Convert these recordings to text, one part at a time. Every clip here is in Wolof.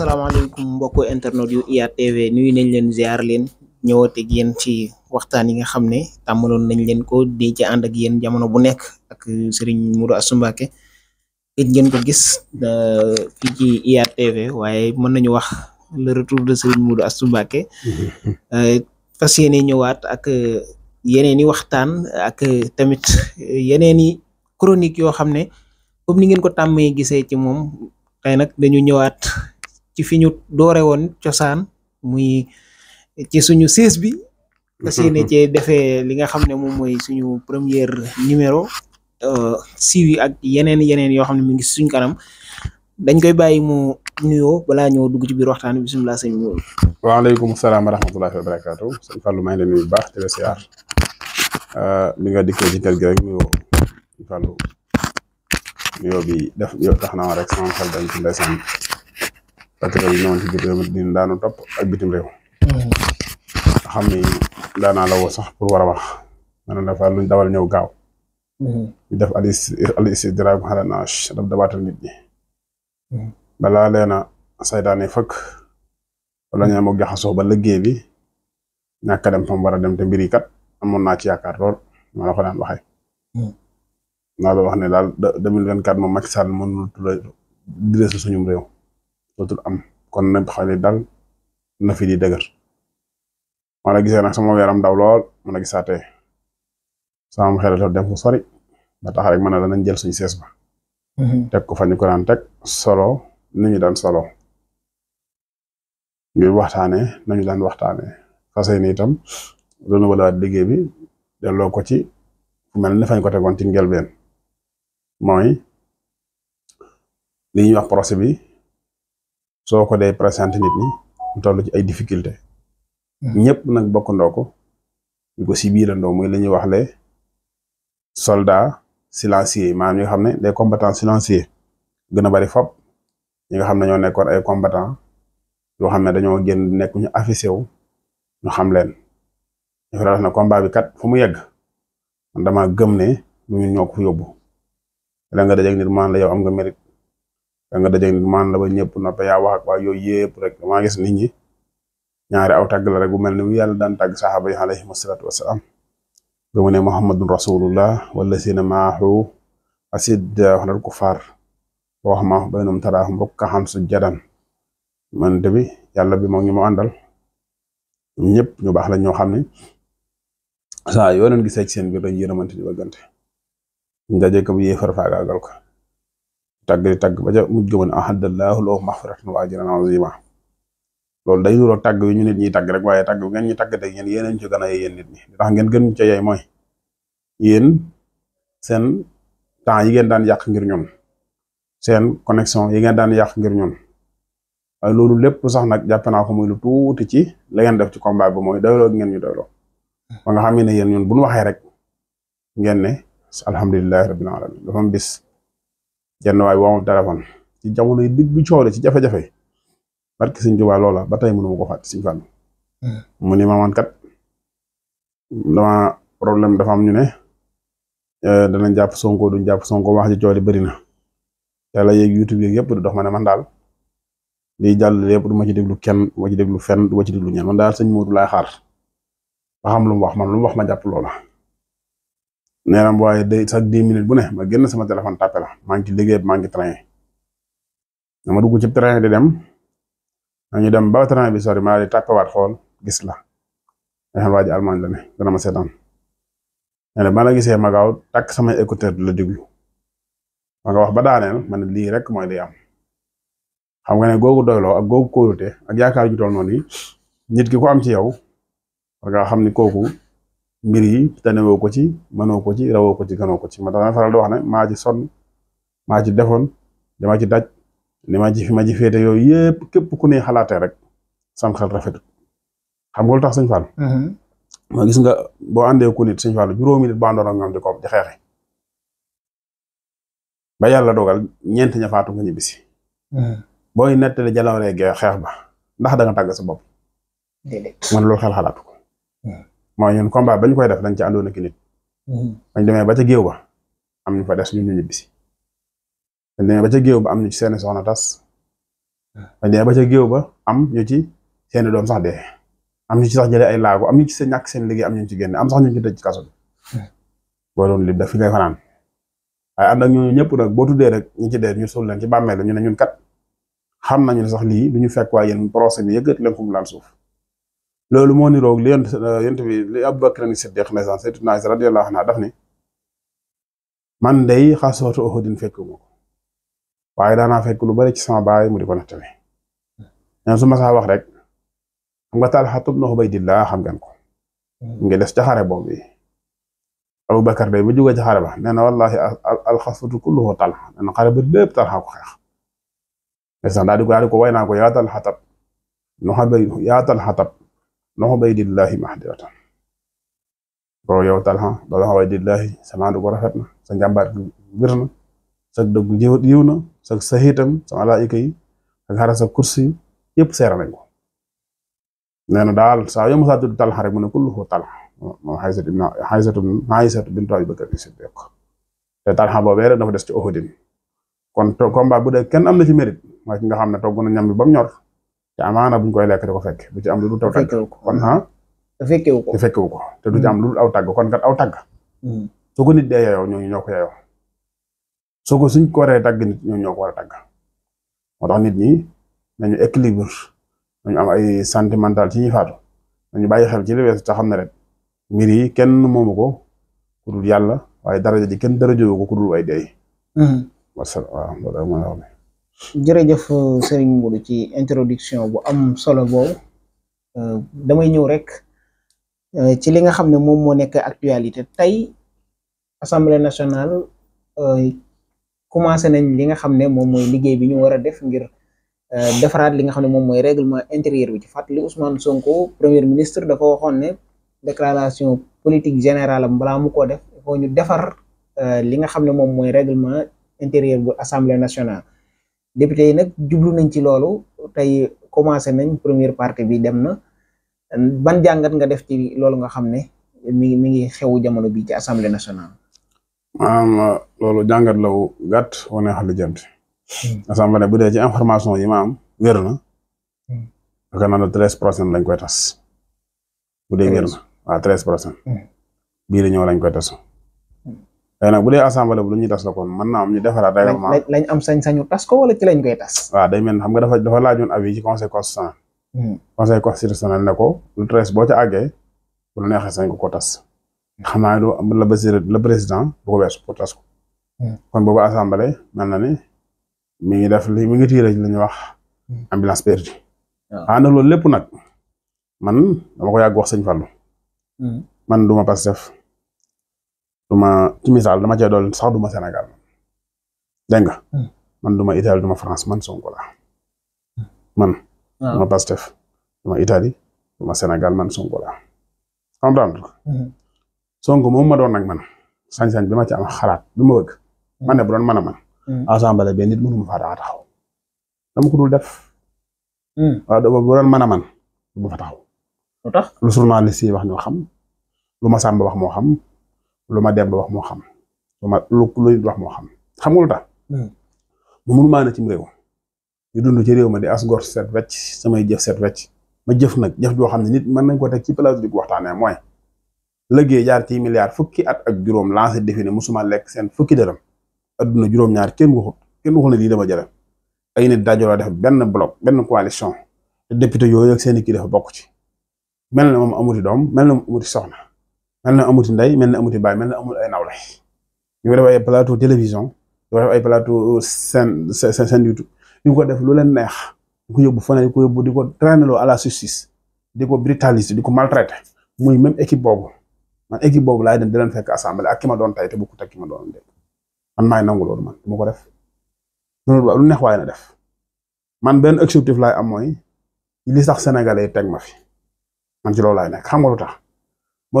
salaamaaleykum mbokku internet yu IYAT TV nañ leen ziar leen ñëwate ak yéen ci waxtaan yi nga xam ne tàmmaloon nañ leen ko di ci ànd ak yéen jamono bu nekk ak Serigne Modou Astou Mbacké it ngeen ko gis euh, fii ci IYAT waaye mën nañu wax le retour de Serigne euh, fas yéene ñëwaat ak euh, yeneen i waxtaan ak tamit yeneen i chronique yoo xam ne comme ni ngeen ko tàmmee gisee ci moom tey nag dañu ñëwaat. ci fi ñu doore woon cosaan muy ci suñu siis bi mhm. fas yéene cee defee li nga xam ne moom mooy suñu première numéro euh, siiw yi ak yeneen yeneen yoo xam ne mu ngi suñ kanam dañ koy bàyyi mu nuyoo balaa ñëw dugg ci biir waxtaan bi bisimilah sëñ bi. waaleykum salaam wa rahmatullahi wa barakaatu sëñ Fallou maa ngi leen nuyu bu baax di la siyaar bi euh, nga dikkee ci kër gi rek nuyoo sëñ Fallou nuyoo bi def tax na ma rek sama xel dañ ci ndeysaan patriote yi ñëwoon ci biir réew mi daanu topp ak bitim réew. Mm-hmm. xam ni daanaa la woo sax pour war a wax man dafa ñëw gaaw. Mm-hmm. ñu def al istidraaj ala naas daf dabaatal nit ñi. Mm-hmm. balaa leen a saytaane fëkk wala ñu mu jaxasoo ba liggéey bi ñàkk dem fa mu war a dem te mbiri kat amoon naa ci yaakaar lool ma la ko daan waxee. naa la wax ne daal deux mille vingt quatre moom Macky Sall mënul tudd dire suñu réew. dootul am kon nag xale dal na fi di dëgër ma la sama yaram daw lool ma la gisaatee sama xel dafa dem fu sori ba tax rek ma ne la nañ jël suñu sees ba. Mm-hmm. teg ko fa ñu ko daan teg solo ni ñu daan solo ñuy waxtaanee nañu daan waxtaanee fas yéene itam loolu walaat liggéey bi delloo ko ci fu mel ni fañ ko tegoon ci njëlbeen mooy li ñuy wax procès bi. soo ko dee présenté nit ñi mu toll ci ay difficulté hmm. ñëpp nag bokkandoo ko ñu ko si biirandoo muy la ñuy wax le soldat silencieux maanaam ñi nga xam ne de combattants silencieux gën a bari fop ñi xam ne ñoo nekkoon ay combatant yoo xam ne dañoo jën nekk ñu affiché wu ñu xam leen dafa daal na combat bi kat fu mu yegg man dama gëm ne ñun ñoo ko fa yóbbu la nga dajeeg nit man la am nga mérite da nga dajeeg nit maan la ba ñëpp noppi yaa wax ak waa yooyu rek damaa gis nit ñi ñaari aw tàgg la rek bu mel ni yàlla daan tàgg saxaaba yi alayhim asalaatu wasalaam ba mu ne muhammadun rasulullah wallasina maahu sujjadan man de bi yàlla bi moom ñu mu àndal ñëpp ñu baax la ñoo xam ne saa yoo leen gisee ci seen biir dañuy yërëmante di bëggante ñu daje ko bu yee farfaagaagal ko tàgg di tàgg ba ca mujj ma ne ahadallahu lahu maxfiratan wa ajran azima loolu day nuroo tàgg wi ñu nit ñiy tàgg rek waaye tàgg bi ngeen ñu tàgg teg yéen yéeneen a yéen nit ñi ndax ngeen gën ca yey mooy yéen seen temps yi ngeen daan yàq ngir ñun seen connexion yi ngeen daan yàq ngir ñun waaye loolu lépp sax nag jàpp naa ko muy lu tuuti ci la ngeen def ci combat bi mooy doyloo ngeen ñu doyloo ba nga xam ne yéen ñun bu ñu waxee rek ngeen ne alhamdulilahi rabbil alamin dafa am bis jenn waay woo ma téléphone ci jamono yi digg bi coole ci jafe-jafe barki sëñ Tuubaa loola ba tey mënu ma ko fàtte sëñ Fallu hmm. mu ne ma man kat dama problème dafa am ñu ne eh, danañ jàpp Sonko du jàpp Sonko wax ci coole bëri na yàlla yeeg YouTube yeeg yëpp du dox ma ne man daal liy jàll yëpp du ma ci déglu kenn du ma ci déglu fenn du ma ci déglu ñenn man daal sëñ Moodu laay xaar ba xam lu mu wax man lu mu wax ma jàpp loola. nee na waaye day sax dix minutes bu ne ma génn sama téléphone tàppe la maa ngi ci liggéey maa ngi ci train dama dugg ci train di dem ñu dem ba train bi sori maa di tàppe waat xool gis la nga xam waa ji Allemagne la ne ma seetaan nee na ba la gisee ma takk samay écouteur di la déglu ma wax ba daaneel ma ne lii rek mooy day am xam nga ne googu doyloo ak googu kóolute ak yaakaar ju toll noonu ki ko am ci yow war nga xam ni kooku. mbir yi tanewoo ko ci mënoo ko ci rawoo ko ci ganoo ko ci ma dama faral di wax ne maa ci sonn maa ci defoon dama ci daj ne ma ci fi ma ci féete yooyu yëpp képp ku ne xalaatee rek sam xel rafetul xam nga lu tax sëñ Fall. ma mm-hmm. gis nga boo àndee ku nit sëñ Fall juróomi nit ba àndoon ak am di ko di xeexe ba yàlla dogal ñeent ña nga ñibbisi. Mm-hmm. booy nettali jalooree xeex ba ndax danga nga tàgg sa bopp. man loolu xel xalaatu mooy ñun combat bañ koy def dañ ci àndoon ak nit. Mm-hmm. bañ ba ca géew ba am ñu fa des ñu ñu ñibbisi. bañ demee ba ca géew ba am ñu ci seeni soxna tas. Ah. bañ demee ba ca géew ba am ñu ci seeni doom sax de am ñu ci sax jëlee ay laago am ñu ci sa ñàkk seen liggéey am ñu ci génne am sax ñu ci tëj ci kaso bi. Ah. boo doon lim daf fi ngay fanaan waaye ànd ak ñooñu ñëpp nag boo rek ñu ci dee ñu suul leen ci bàmmeel ñu ne ñun kat xam nañu ne sax lii du ñu fekk waaye yéen procès bi yëkkat leen fu mu suuf loolu moo niroog li yent euh, yent bi li Abubakar ni Siddiq nesan Sayyidina Aisha radiyallahu anha daf ne man day xasootu Uhudin fekk mu ko waaye daanaa fekk lu bari ci sama baay mu di su ma saa wax rek xam nga Talha ibn xam ngeen ko hmm. mu ngi des ca xare boobu yi Abubakar day ba jógee ci ba nee na wallahi alxasatu kulluhu Talha nee na xare ba lépp Talha ko xeex nesan daal di ko daal di ko way naa ko yaatal xatab nu xabe no ubaydillahi mahdiratan boo yow Talha doo wax ubaydillahi sa maandu ko rafet na sa njàmbaar gi wér na sa dëgg jiw yiw na sa saxiitam sa malaayika yi sa kursi yëpp seera nañ ko nee na daal saa yoo musaa tudd Talha rek mu ne kulluhu Talha moom Aysatu Aysatu bintu Abi Bakr Siddiq te Talha boobee rek dafa des ci Uhud kon combat bu dee kenn am na ci mérite ki nga xam ne togg na ñam bi ba mu ñor te amaana buñ koy lekk da ko fekk du ci am lu dul aw tàgg kon ah te fekkewu ko te fekkewu ko te du am lu dul aw tàgg kon kat aw tàgg mm. soo ko nit dee yeyoo ñooñu ñoo ko yeyoo ko suñ ko waree tàgg nit ñooñu ñoo ko war a tàgg moo tax nit ñi nañu équilibre nañu am ay sentimental ci ñuy faatu nañu bàyyi xel ci li weesu te xam ne rek mbir yi kenn moomu ko ku dul yàlla waaye daraja ji kenn daraja ko ku dul way dee. Mm. wasalaam jërëjëf euh, Serigne Modou ci introduction bu am solo boobu euh, damay ñëw rek euh, ci li nga xam ne moom moo nekk actualité tey assemblée nationale commencé nañ li nga xam ne moom mooy liggéey bi ñu war a def ngir defaraat li nga xam ne moom mooy règlement intérieur bi ci fàttali Ousmane Sonko premier ministre dafa waxoon ne déclaration politique générale am balaa mu ko def il ñu defar li nga xam ne moom mooy règlement intérieur bu assemblée nationale. député yi nag jublu nañ ci loolu tey commencé nañ première partie bi dem na ban jàngat nga def ci loolu nga xam ne mi ngi mi ngi xewu jamono bi ci assemblée nationale. Euh, loolu jàngat la wu gàtt wane xel jant. Hmm. assemblée bu dee ci information yi ma am wér na. parce que naan la lañ koy tas. bu dee wér na waaw treize pour cent. Hmm. bii la ñëw lañ koy tas. léegi nag bu dee assemblée bu lu ñuy tas la kon mën naa am ñu defaraat règlement lañ am sañ-sañu tas ko wala ci lañ koy tas day mel xam nga dafa dafa laajoon avis ci conseil constitutionnel hmm. conseil constitutionnel ne ko lu treize boo ca àggee bu la neexee sañ ko ko tas xam naa ne la basir le président bu ko weesu pour tas ko hmm. kon boobu assemblée mel na ni mi ngi def li mi ngi tiiree li ñuy wax hmm. ambulance perdue ah. loolu lépp nag man dama ko yàgg wax sañ Fallou man duma Pastef du ma ci misaal dama cee dool sax du ma Sénégal dégg hmm. man du ma Italie ma France man Sonko la hmm. man. Ah. du ma Pastef du ma Sénégal man Sonko la hmm. Sonko moom ma doon nag man sañ-sañ bi ma ci am xalaat bi ma bëgg. man ne bu doon mën a man assemblée bi nit dul def. waaw doon mën a man du ma fa taxaw. lu tax lu wax ñoo xam lu ma wax moo xam. lu ma dem ba wax moo xam lu ma lu lu wax moo xam xamul nga lu tax. Hmm. mu mënu maa ne cim réew mi dund ci réew ma di as gor set wecc samay jëf set wecc ma jëf nag jëf joo xam ne nit mën nañ ko teg ci place di ko waxtaanee mooy liggéey jaar ci milliard fukki at ak juróom lancé défi ne musuma lekk seen fukki deram adduna juróom-ñaar kenn waxut kenn waxul ne lii dama jëlee ay ne dajaloo def benn bloc benn coalition te député yooyu ak seen i kii dafa bokk ci mel na moom amuti doom mel na moom mel na amuti ndey mel na amuti baay mel na amul ay nawle ñu ko def ay plateau télévision ñu ko ay plateau seen seen du YouTube ñu ko def lu leen neex di ko yóbbu fane di ko yóbbu di ko traîner à la justice di ko brutaliser di ko maltraiter muy même équipe boobu man équipe boobu laay dem di leen fekk assemblée a ki ma doon tay te bokkut ak ki ma doon dégg man maay man du ko def lu neex waaye na def man benn objectif laay am mooy li sax sénégalais teg ma fi man ci loolu laay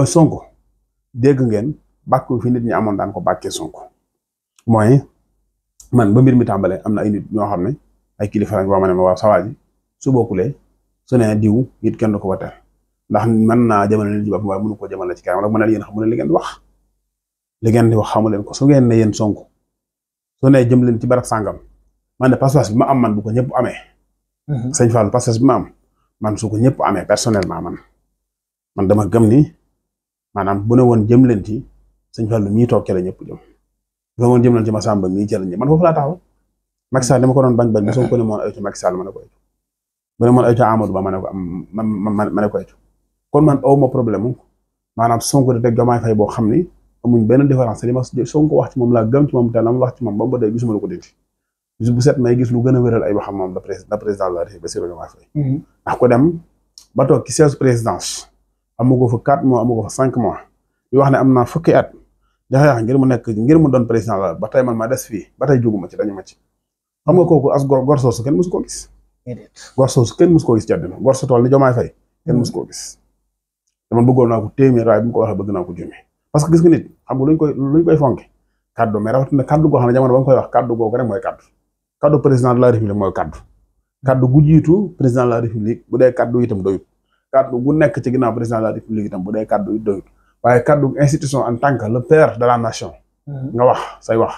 Sonko. dégg ngeen bàkku fi nit ñi amoon daan ko bàkkee Sonko mooy man ba mbir mi tàmbale am na ay nit ñoo xam ne ay kilifa lañ boo ma ne ma waaw sawaa ji su bokkulee su ne diw kenn ko wateel ndax mën naa jëmale nit ñi boppam waaye mënu ko ci kanam rek mën na yéen xamu leen li wax li ngeen di wax xamu leen ko su ngeen ne yéen sonk su ne jëm leen ci barab sàngam man ne pas-pas bi ma am man bu ko ñëpp amee. Mhm. sëñ Fall pas-pas bi ma man su ko ñëpp amee personnellement man man dama gëm ni. maanaam bu ne woon jëm leen ci sëñ Fallou toog ci la ñëpp jëm bu ne man foofu laa taxaw Macky Sall dama ko moon aytu Macky Sall Ba ma ne kon man aw problème maanaam Sonko di teg Diomaye Faye boo xam ni amuñ benn différence li ma Sonko wax ci moom laa gëm ci moom te la wax ci moom ba mu ba day gisuma ko dindi bu set may gis lu gën a wéral ay waxam moom la président la République Bassirou Diomaye Faye mm-hmm. ndax ko dem ba toog ci siège présidence amugo fa quatre mois amugo fa cinq mois di wax ne am na fukki at di xeex ngir mu nekk ngir mu doon président la ba tey man ma des fii ba tey juguma ci dañu ma ci xam nga kooku as gor gor kenn mosu koo gis. gor kenn mosu koo gis ci àddina tool ni Diomaye Faye kenn mosu koo gis dama bëggoon naa ko téeméer waaye bu mu ko waxee bëgg naa ko jëmee parce que gis nga nit xam nga luñ koy luñ koy fonke kaddu mais kaddu goo xam ne jamono ba mu koy wax kaddu googu rek mooy kaddu kaddu président de la république mooy kaddu jiitu président la république bu dee kaddu itam doyut kaddu bu nekk ci ginnaaw président de la république itam bu dee kaddu yu waaye kaddu institution en tant que le père de la nation. Mm-hmm. nga wax say wax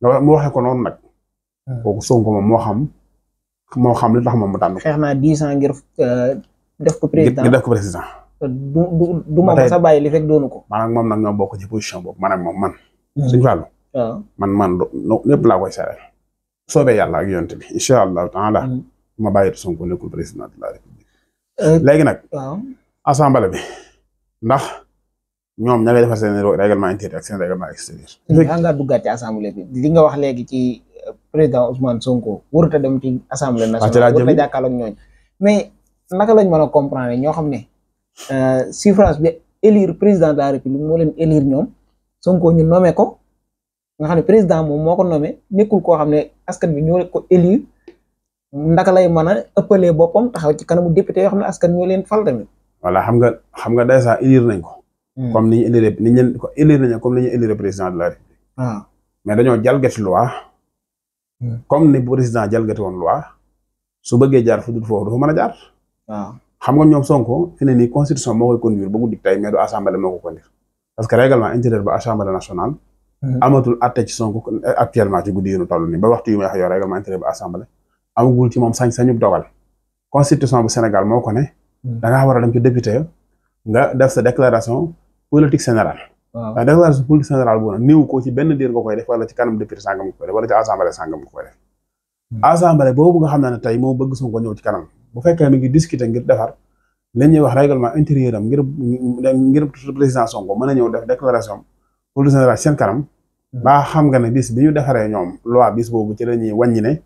nga mu waxee ko noonu nag. Mm-hmm. kooku Sonko moom moo xam moo xam li tax moom mu tànn ko. xeex naa dix ans ngir euh, def ko président def ko président. du du du moom sa bàyyi li fekk doonu ko. maanaam moom nag ñoo bokk ci position boobu maanaam moom man. Mm-hmm. suñu fàllu. man man do ñëpp laa koy seeral. soobee yàlla ak yonent bi incha allahu taala ma bàyyi Sonko nekkul président de la république. Euh, léegi nag. waaw assemblée bi ndax ñoom ña ngay defar seen règlement intérieur ak seen règlement nga duggaat ci assemblée bi li nga wax léegi ci euh, président Ousmane Sonko warut a dem ci assemblée ah, nationale warut a jàkkaarloo ak ñooñu mais naka lañ mën a comprendre ñoo xam ne euh, suffrage bi élire président de la république moo leen élire ñoom Sonko ñu nommé ko na xam ne président moom moo ko nommé nekkul koo xam ne askan bi ñoo ko élire. ndaka lay mën a ëppalee boppam taxaw ci kanamu député yo xam ne askan ñoo leen voilà xam nga xam nga day sax élire nañ ko. Hmm. comme ni ñu élire ni ñu ko élire nañ comme ni ñu élire président de la République. Ah. mais dañoo jalgati loi. Hmm. comme ni président jalgati woon loi su bëggee jaar fu dul foofu dafa mën a jaar. waaw ah. xam nga ñoom Sonko fi ne nii constitution moo koy conduire ba guddi tey mais du assemblée parce que règlement intérieur ba assemblée nationale. Hmm. amatul àtte Sonko euh, actuellement ci guddi yu ñu toll ba waxtu yu amagul ci moom sañ-sañu dogal constitution bu Sénégal moo ko ne. Hmm. da ngaa war a dem ci député nga def sa déclaration politique générale. waaw déclaration politique générale boobu nag néew ko ci benn diir nga koy def wala ci kanam député sangam nga koy def wala ci assemblée sangam nga koy hmm. boobu nga xam naa ne tey moo bëgg Sonko ñëw ci kanam bu fekkee mi ngi discuter ngir defar li ñuy wax règlement intérieur am ngir ngir président Sonko mën a ñëw def déclaration politique générale seen kanam. Hmm. ba xam nga ne bis bi ñu defaree ñoom loi bis boobu ci la ñuy wàññi ne.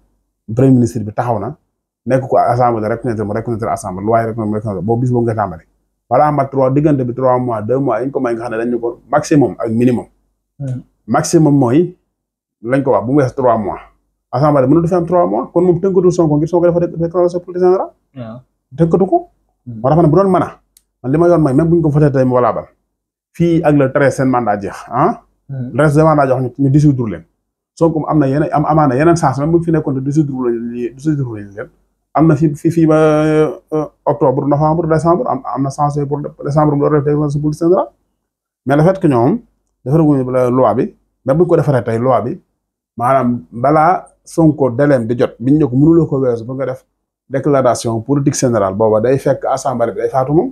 premier ministre bi taxaw na nekk ko assemblée reconnaître mu reconnaître assemblée lu waaye reconnaître boobu bis boobu nga tàmbali balaa mat trois diggante bi trois mois deux mois dañ ko may nga xam ne ko maximum ak minimum. Hmm. mooy lañ ko wax bu mu wees trois mois. assemblée mënul dafa am trois mois kon moom tënkatul Sonko ngir Sonko dafa déclaration politique générale. waaw tënkatu ko. Hmm. moo tax ne bu doon mën man li ma yoon may même bu ñu ko voté tey mu bal fii ak le treize seen mandat jeex ah. Hmm. le reste de mandat jox ñu dissoudre leen. Sonko am na yeneen am amaana yeneen chance même bu fi nekkoon du si duru lañ du si duru lañ leen am na fi fi fii ba euh, octobre novembre décembre am am na chance pour décembre mu doon def si police générale mais le fait que ñoom defaraguñu loi bi même bu ko defaree tey loi bi maanaam balaa Sonko deleem di jot biñ ne ko mënuloo ko weesu ba nga def déclaration politique générale booba day fekk assemblée bi day faatu moom.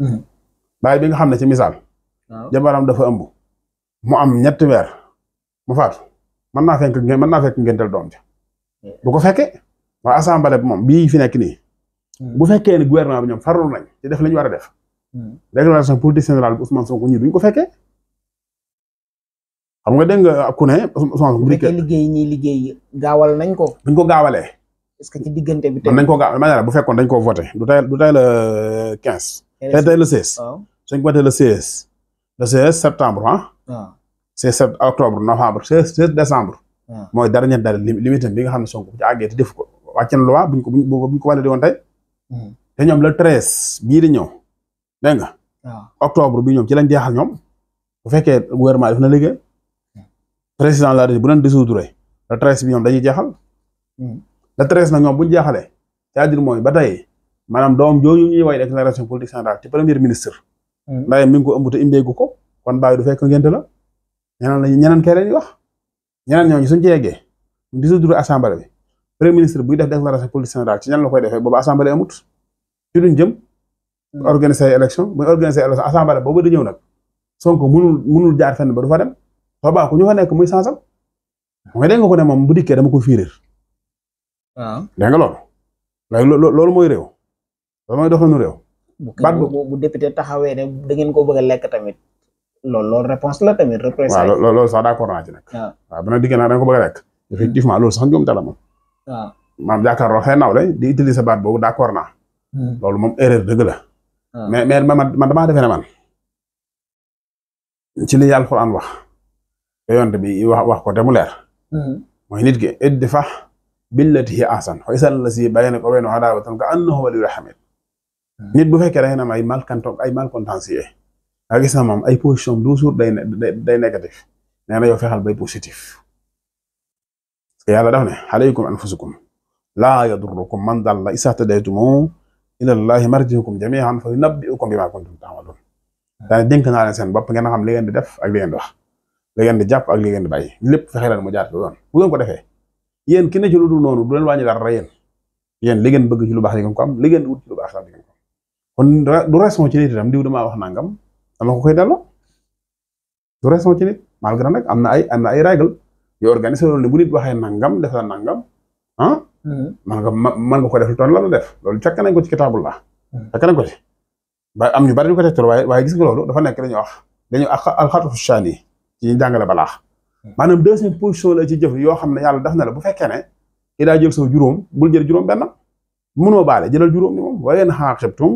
Hmm. bàyyi bi nga xam ne ci misaal. jabaram dafa ëmb. mu am ñetti weer mu faatu mën naa fekk mën naa fekk ngénteel doom ja bu ko fekkee waa assemblée bi moom bii fi nekk nii. Hmm. bu fekkee ne gouvernement bi ñoom farlu nañ ci def la ñu war a def. Hmm. déclaration politique générale bi Ousmane Sonko ñii duñ ko fekkee. xam nga dégg nga ku ne Ousmane. bu fekkee liggéey ñi liggéey gaawal nañ ko. buñ ko gaawalee. est-ce que ci diggante bi tamit. dañ ko gaawal ma bu fekkoon dañ ko voté du tey du tey quinze. tey tey le seize. suñ ko le seize. le seize septembre ah. seize octobre novembre seize seize décembre. Ah. mooy dernière date limite bi nga xam ne Sonko bu na loi buñ ko buñ ko validé woon tey. Hmm. te ñoom la treize bii di ñëw dégg nga. Ah. octobre bi ñoom ci lañ jeexal ñoom bu fekkee gouvernement def na liggéey. Hmm. président de la République bu leen dissoudre le treize bi ñoom dañuy jeexal. Hmm. le treize nag ñoom bu ñu jeexalee cest mooy ba tey maanaam doom jooju ñuy way déclaration politique générale ci premier ministre. ndaye mi ko ëmb te imbeegu ko kon bàyyi du fekk ngénte la. ñeneen lañu ñeneen kay lañuy wax ñeneen ñooñu suñ ci yeggee di dissoudre assemblée bi premier ministre buy def déclaration politique générale ci ñan la koy defee boobu assemblée amut ci duñ jëm. Hmm. organiser élection buñ organiser élection assemblée boobu di ñëw nag Sonko mënul munul jaar fenn ba du fa dem soo baax ku ñu fa nekk muy sansam mooy dégg nga ko ne moom bu dikkee dama ko fiirir. waaw dégg nga loolu. léegi loolu mooy réew loolu mooy nu réew. baat bu bu député taxawee ne da ngeen ko bëgg a lekk tamit. loolu loolu réponse la tamit. représailles sax d'accord naa ci nag. waaw ah. waaw bu na ko bëgg a rek. Hmm. effectivement loolu sax njuumte la moom. Ah. maam jàkkaarloo xëy naaw la di utiliser baat boobu d'accord naa. Hmm. loolu moom erreur dëgg la. Ah. mais mais man man damaa defee ne man ci li Alxuraan wax te yonent bi wax wax ko te mu leer. Hmm. mooy nit ki idfa billati hi ahsan fa izaa llazii baynaka wa baynahu adaawatun ka annahu waliyyun hamiid nit bu fekkee da ngeen am ay malcontentieux ay malcontentieux nga gis na maam ay position toujours day day négatif nee na yow fexal bay positif parce que yàlla daf ne alaykum anfusukum laa yadurrukum man dalla izaa ihtadaytum ilallaahi marjiukum jamii'an na yunabbi'ukum bimaa kuntum ta'maluun daanaka dénk naa leen seen bopp ngeen xam li ngeen di def ak li ngeen di wax li ngeen di jàpp ak li ngeen di bàyyi lépp fexe leen mu jaar ci yoon bu ngeen ko defee yéen ki ne ci lu dul noonu du leen wàññi dara li ngeen bëgg ci lu baax di ngeen ko am li ngeen di ngeen ko kon du responsabilité tam damaa wax nangam am na ko koy delloo du ci nit malgré nag am na ay am na ay règle yu organisé loolu ne bu nit waxee nangam def la nangam ah. man hmm. nga man nga ko def lu toll la lu def loolu fekk nañ ko ci kitaabul la hmm. fekk nañ ko ci ba am ñu bari ñu ko tegtal waaye gis nga loolu dafa nekk dañuy wax dañuy alxatfu shaani ci ñu jàngale balaax hmm. maanaam deuxième position la ci jëf yoo xam ne yàlla def na la bu fekkee ne i daa jël saw juróom bul jël juróom benn mënoo baale jëlal juróom ni na waaye na xaaxibtum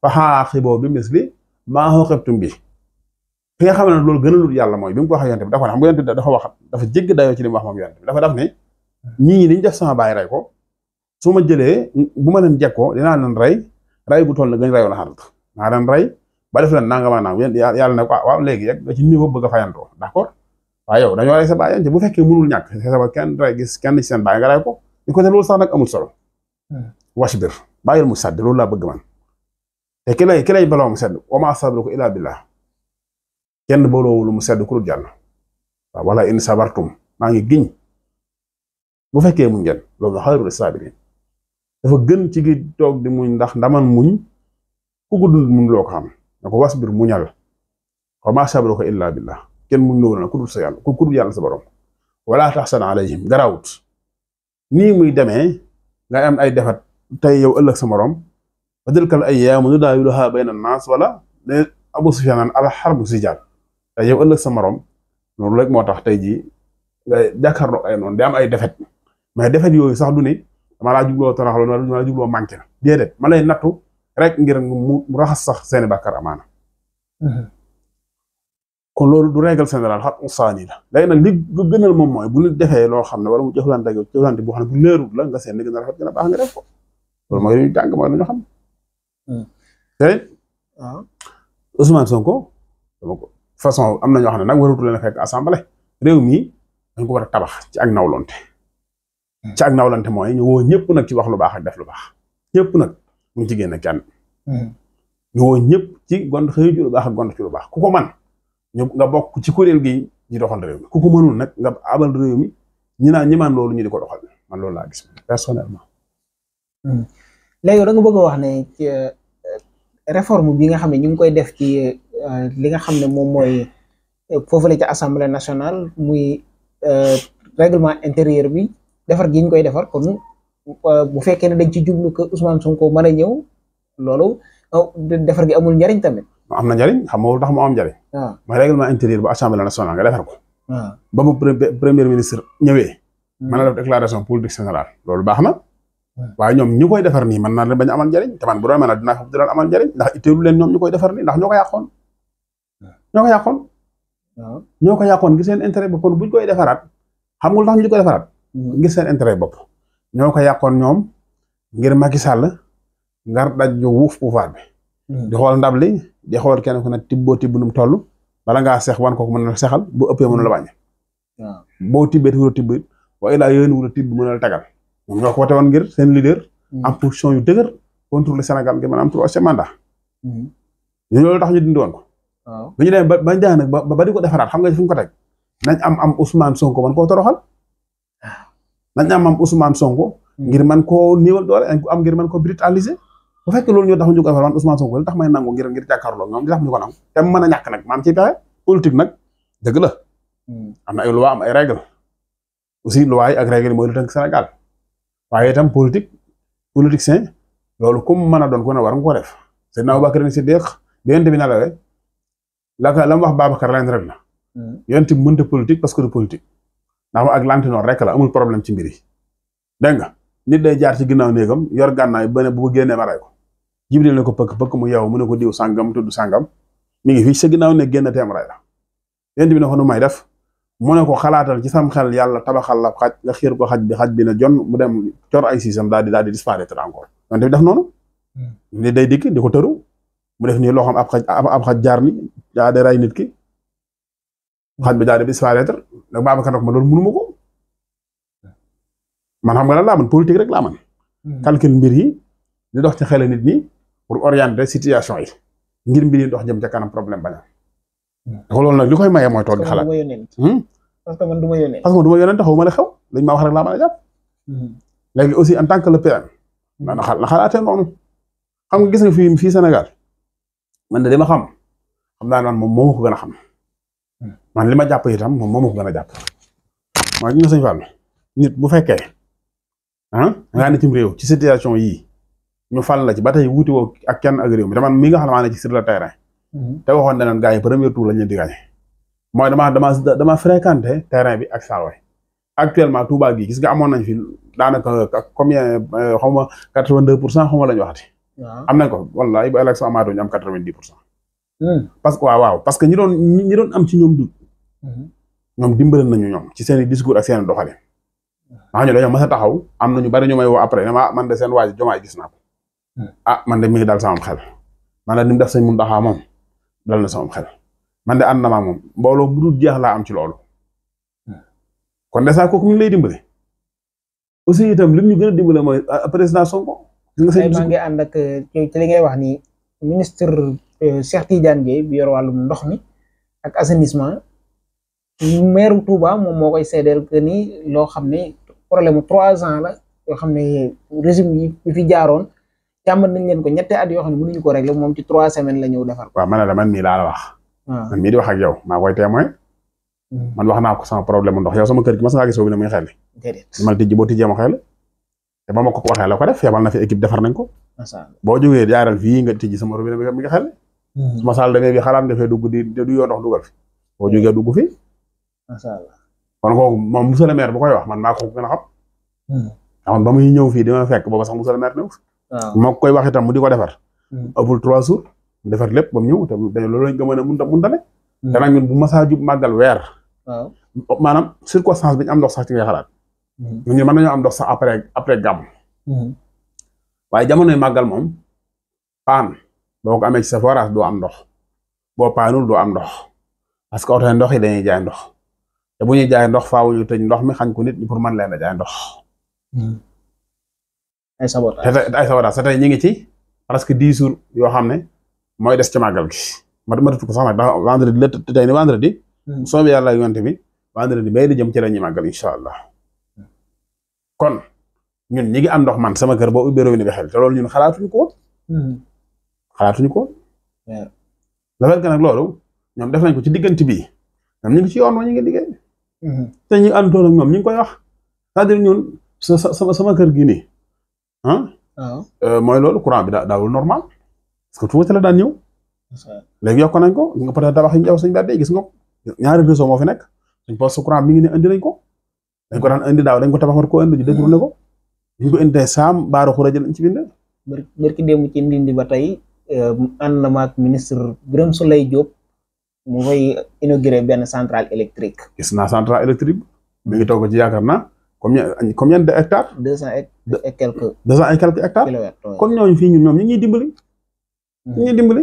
fa xaaxiboo bi misli maa xoqabtum bi fi nga xam ne loolu gën a lut yàlla mooy bi mu ko wax yonent bi dafa xam nga yonent a dafa wax dafa jégg dayoo ci li wax dafa daf ne ñii liñ def sama baay rey ko su ma jëlee bu ma leen jekkoo dinaa leen rey rey gu toll na gën rayoon a naa leen rey ba def leen nangama naam yéen yàlla ne ko ah, waaw léegi yegg nga ci niveau bëgg a fayantoo d'accord waaw yow dañoo sa baay bu fekkee mënul ñàkk sa kenn gis kenn seen baay nga rey ko ko te loolu sax nag amul solo hmm. wasbir bàyyil mu sàdd loolu laa bëgg man te ki lay ki lay baloo mu sedd wama sabruku illa billah kenn baloowu lu mu sedd ku dul Yàlla waaw wala in sabartum maa ngi giñ bu fekkee muñ ngeen loolu xayrul saabiriin dafa gën ci toog di ndax ndaman muñ ku guddul muñ loo ko xam ne ko wasbir muñal wama sabruku illa kenn muñ loo na ku dul sa Yàlla ku dul Yàlla sa borom wala taxsan alayhim garawut nii muy demee nga am ay defat tey yow ëllëg sa moroom wa tilkal ayyaamu nudaawiluhaa bayna naas wala ne Abu Sufyaan naan al harbu sijaal te yow ëllëg sa morom loolu rek moo tax tey jii nga jàkkaarloo ay noonu di am ay defet mais defet yooyu sax du ne dama laa jubloo toroxlu wala dama laa jubloo manqué na déedéet ma rek ngir mu raxas sax seeni bàkkaar amaana. Mhm. kon loolu du régal général xat usaani la léegi nag li gënal moom bu nit defee loo xam ne wala mu jëflante ak jëflante boo xam ne bu leerul la nga seen ne gën a rafet gën a baax nga def ko mooy li ñu jàng mooy li ñu xam. te ah. Ousmane Sonko façon am na ñoo xam ne nag waratu leen a fekk assemblée réew mi dañ ko war a tabax ci ak nawlonte hmm. ci ak nawlonte mooy ñu woo ñëpp nag ci wax lu baax ak def lu baax ñëpp nag mu ngi ci génn kenn. Hmm. ñu ñëpp ci gont xëy ju lu baax ak gont ci lu baax ku ko man nga bokk ci kuréel gi ñu doxal réew mi ku ko mënul nag nga abal réew mi ñi naan ñi loolu ñu di ko doxal man loolu laa gis personnellement. Hmm. léegi da nga bëgg wax ne ci euh, réforme bi nga xam ne ñu ngi koy def ci euh, li nga xam ne moom mooy euh, foofule ca assemblée nationale muy règlement intérieur bi defar gi ñu koy defar kon bu fekkee ne dañ ci jublu ko Ousmane sunko mën a ñëw loolu defar gi amul njariñ tamit. am na njariñ xam nga tax mu am njariñ. waaw mooy règlement intérieur bu assemblée nationale nga defar ko. ba mu premier ministre ñëwee. mën a def déclaration politique générale loolu baax na. waaw ñoom ñu koy defar nii man naa leen bañ amal njariñ te man bu doon mën a dinaa ko doon amal njariñ ndax itteelu leen ñoom ñu koy defar nii ndax ñoo ko yàqoon ñoo ko ñoo ko yàqoon ngir seen intérêt bopp kon buñ koy defaraat xam nga ñu koy defaraat ngir hmm. seen intérêt bopp ñoo ko yàqoon ñoom ngir Macky Sall ngar daj ñu wuuf pouvoir bi hmm. di xool ndab li di xool kenn ku ne tibboo tibb nu mu toll bala ngaa seex wan ko mën na sexal bo ëppee mënu la wàññi boo tibbee wula tibb wa illaa yéen wula tibb mën a la tagal ñoom ñoo ko wote woon ngir seen leader. Hmm. am position yu dëgër contrôle Sénégal ngir mën a am troisième mandat. Hmm. ñu loolu tax ñu dindi woon ko. bu ñu demee ba ba nag ba ba di ko defaraat xam nga fu ñu ko teg nañ am am Ousmane Sonko koo toroxal. Ah. nañ am am Ousmane Sonko. Hmm. ngir man koo néewal doole am ngir man koo brutaliser. bu fekkee loolu ñoo tax ñu ko defal man Ousmane Sonko li tax may nangu ngir ngir jàkkaarloo ñoom li tax ñu ko nangu te mën a ñàkk nag maam ci pexe politique nag dëgg la. am na ay loi am ay règle aussi loi yi ak règle yi mooy lu tënk Sénégal waaye itam politique politicien loolu ku mu mën a doon ku ne war nga ko def Seydina Abubakar ni Siddiq bi yonent bi nalawee la la mu wax Babacar leen rek la hmm. yonent bi mënta politique parce que du politique ndax ak lantinoor rek la amul problème ci mbir yi nga nit day jaar ci ginnaaw néegam yor gànnaay ba ne bu génnee ma rey ko Jibril ne ko pëkk pëkk mu yow mu ne ko diw sàngam tudd sàngam mi ngi fii sa ginnaaw ne génn teem rey la yonent bi ne ko nu may def mu ne ko xalaatal ci sam xel yàlla tabaxal la xaj nga xiir ko xaj bi na jon mu dem cor ay siisam daal di daal di disparaître encore yonent bi def noonu hmm. ni day dikk di ko tëru mu def nii loo xam ab xaj ab xaj jaar ni daa di nit ki xaj bi daal di disparaître nag Babacar nag ma loolu mënuma ko man xam nga lan laa man politique rek laa man hmm. calcul mbir yi di dox ci xel nit ñi pour orienter situation yi ngir mbir yi dox jëm ca kanam problème baña loolu nag li koy maye mooy toog di xalaat hmm? parce que man du ma yónnee parce que man du ma yónnee taxaw ma la xew dañ maa wax rek laa mën a jàpp hmm. léegi aussi en tant que le PM na na xalaatee noonu xam nga gis nga fii fii Sénégal man de dama xam xam naa ne man moom moo ko gën a xam hmm. man li ma jàpp itam moom moo ma ko gën a jàpp mooy ñu nga sëñ Fall nit bu fekkee ah ngaa ne ci réew ci situation yii ñu fal la ci ba tey wuti woo ak kenn ak réew mi dama mi nga ci sur le Mhm. te waxoon na leen gars yi premier tour la ñu di gagné mooy damaa damaa dama fréquenté terrain bi ak Saalwaay actuellement Touba gii gis nga amoon nañ fi daanaka combien euh, xaw ma quatre vingt deux pour cent xaw ma la ñu waxati. am nañ ko wallaahi bu élection amaatoo ñu am quatre vingt dix hmm. que waaw parce que ñi doon ñi doon am ci ñoom du. Hmm. ñoom dimbale nañu ñoom ci seen i discours ak seen i doxalin. Hmm. wax ñu dañoo mas a taxaw am na ñu bari ñu may wo après dama ah, man de seen waa ji jomaay gis naa ko. ah man de mi daal sama xel. man de ni mu def sëñ Muntaxa moom. dal na sama xel man de ànd na maa moom mbooloo bu dul jeex laa am ci loolu kon de saa kooku ñu lay dimbale aussi itam lim ñu gën a dimbale mooy euh, président Sonko. gis nga seen ngi ànd ak euh, ci li ngay wax ni ministre euh, Cheikh tiijan Dièye bi yor wàllum ndox mi ak assainissement maire Touba moom moo koy seedeel que ni loo xam ne problème mu trois ans la yoo xam ne régime yi fi jaaroon. càmmat nañ leen ko ñetti at yoo xam ne mënuñu ko régler moom ci trois semaines la man la man laa wax. man mii ah. wax ak yow maa koy témoin. Hmm. man wax naa ko sama problème ndox yow sama kër gi mas ngaa gis boobu ne muy ma la tijji boo tijjee ma ba ma ko waxee la ko def yabal na fi équipe defar nañ ko. macha boo jógee jaaral fii nga tijji sama robinet bi nga xel. Hmm. sama saal da ngay bi xalaat nga fee dugg di du yoo ndox dugal fi. boo jógee dugg fi. macha kon kooku moom monsieur le maire bu koy wax man maa ko gën a xam. Hmm. ba muy ñëw fii dama fekk booba sax monsieur le maire ñëw moo koy wax itam mu di ko defar. ëppul hmm. trois jours mu defar lépp ba mu ñëw te loolu lañ ko ne a mënta mënta ne. Hmm. te nag ñun bu masaa jub màggal weer. waaw maanaam circonstance bi ñu am ndox sax ci ngay xalaat. Hmm. ñun ñu mën am ndox sax après après gàmm. jamonoy màggal moom paan boo ko amee ci sa forage doo am ndox boo paanu doo am ndox parce que oto ndox yi dañuy jaay ndox te bu ñuy jaay ndox faaw ñu tëj ndox mi xañ ko nit pour man leen a jaay ndox. ay sabotage sa ay sabotage te tey ñu ngi ci presque dix jours yoo xam ne mooy des ci màggal gi ma matatu ko sax nag vendredi la tey ni vendredi hmm. soobi yàlla yonte bi vendredi bay di jëm ci la ñuy màggal incha allah kon ñun ñi ngi am ndox man sama kër boo ubbee robinet bi xel te loolu ñun xalaatuñu ko hmm. xalaatuñu ko la fekk nag loolu ñoom def nañ ko ci diggante bii ñoom ñu ngi ci yoon wa ñu ngi liggéey hmm. te ñu àndoon ñoom ñu koy wax c'est-à-dire ñun sama sama kër gi nii ah. waaw euh, mooy loolu courant bi daa daawul normal parce que tuuti la daan ñëw. léegi yokk nañ ko nga peut être tabax yi ñu def suñu bàddee gis nga ko ñaari réseau moo fi nekk suñ poste courant mi ngi ne indi nañ ko dañ ko daan indi daaw dañ ko tabax war koo indi ñu détourné ko ñu ko indi saam baaru xuraja lañ ci bindee. barki démb ci ndindi ba tey euh, ànd na ma ak ministre Birame Souleye Diop mu fay inauguré benn centrale électrique. gis naa centrale électrique mi ngi toog ci yaakaar naa. combien combien de hectares. deux cent et quelques. deux cent et quelques hectares. kon ñooñu fii ñun ñoom ñu ngi dimbali. Hmm. ñu ngi dimbali.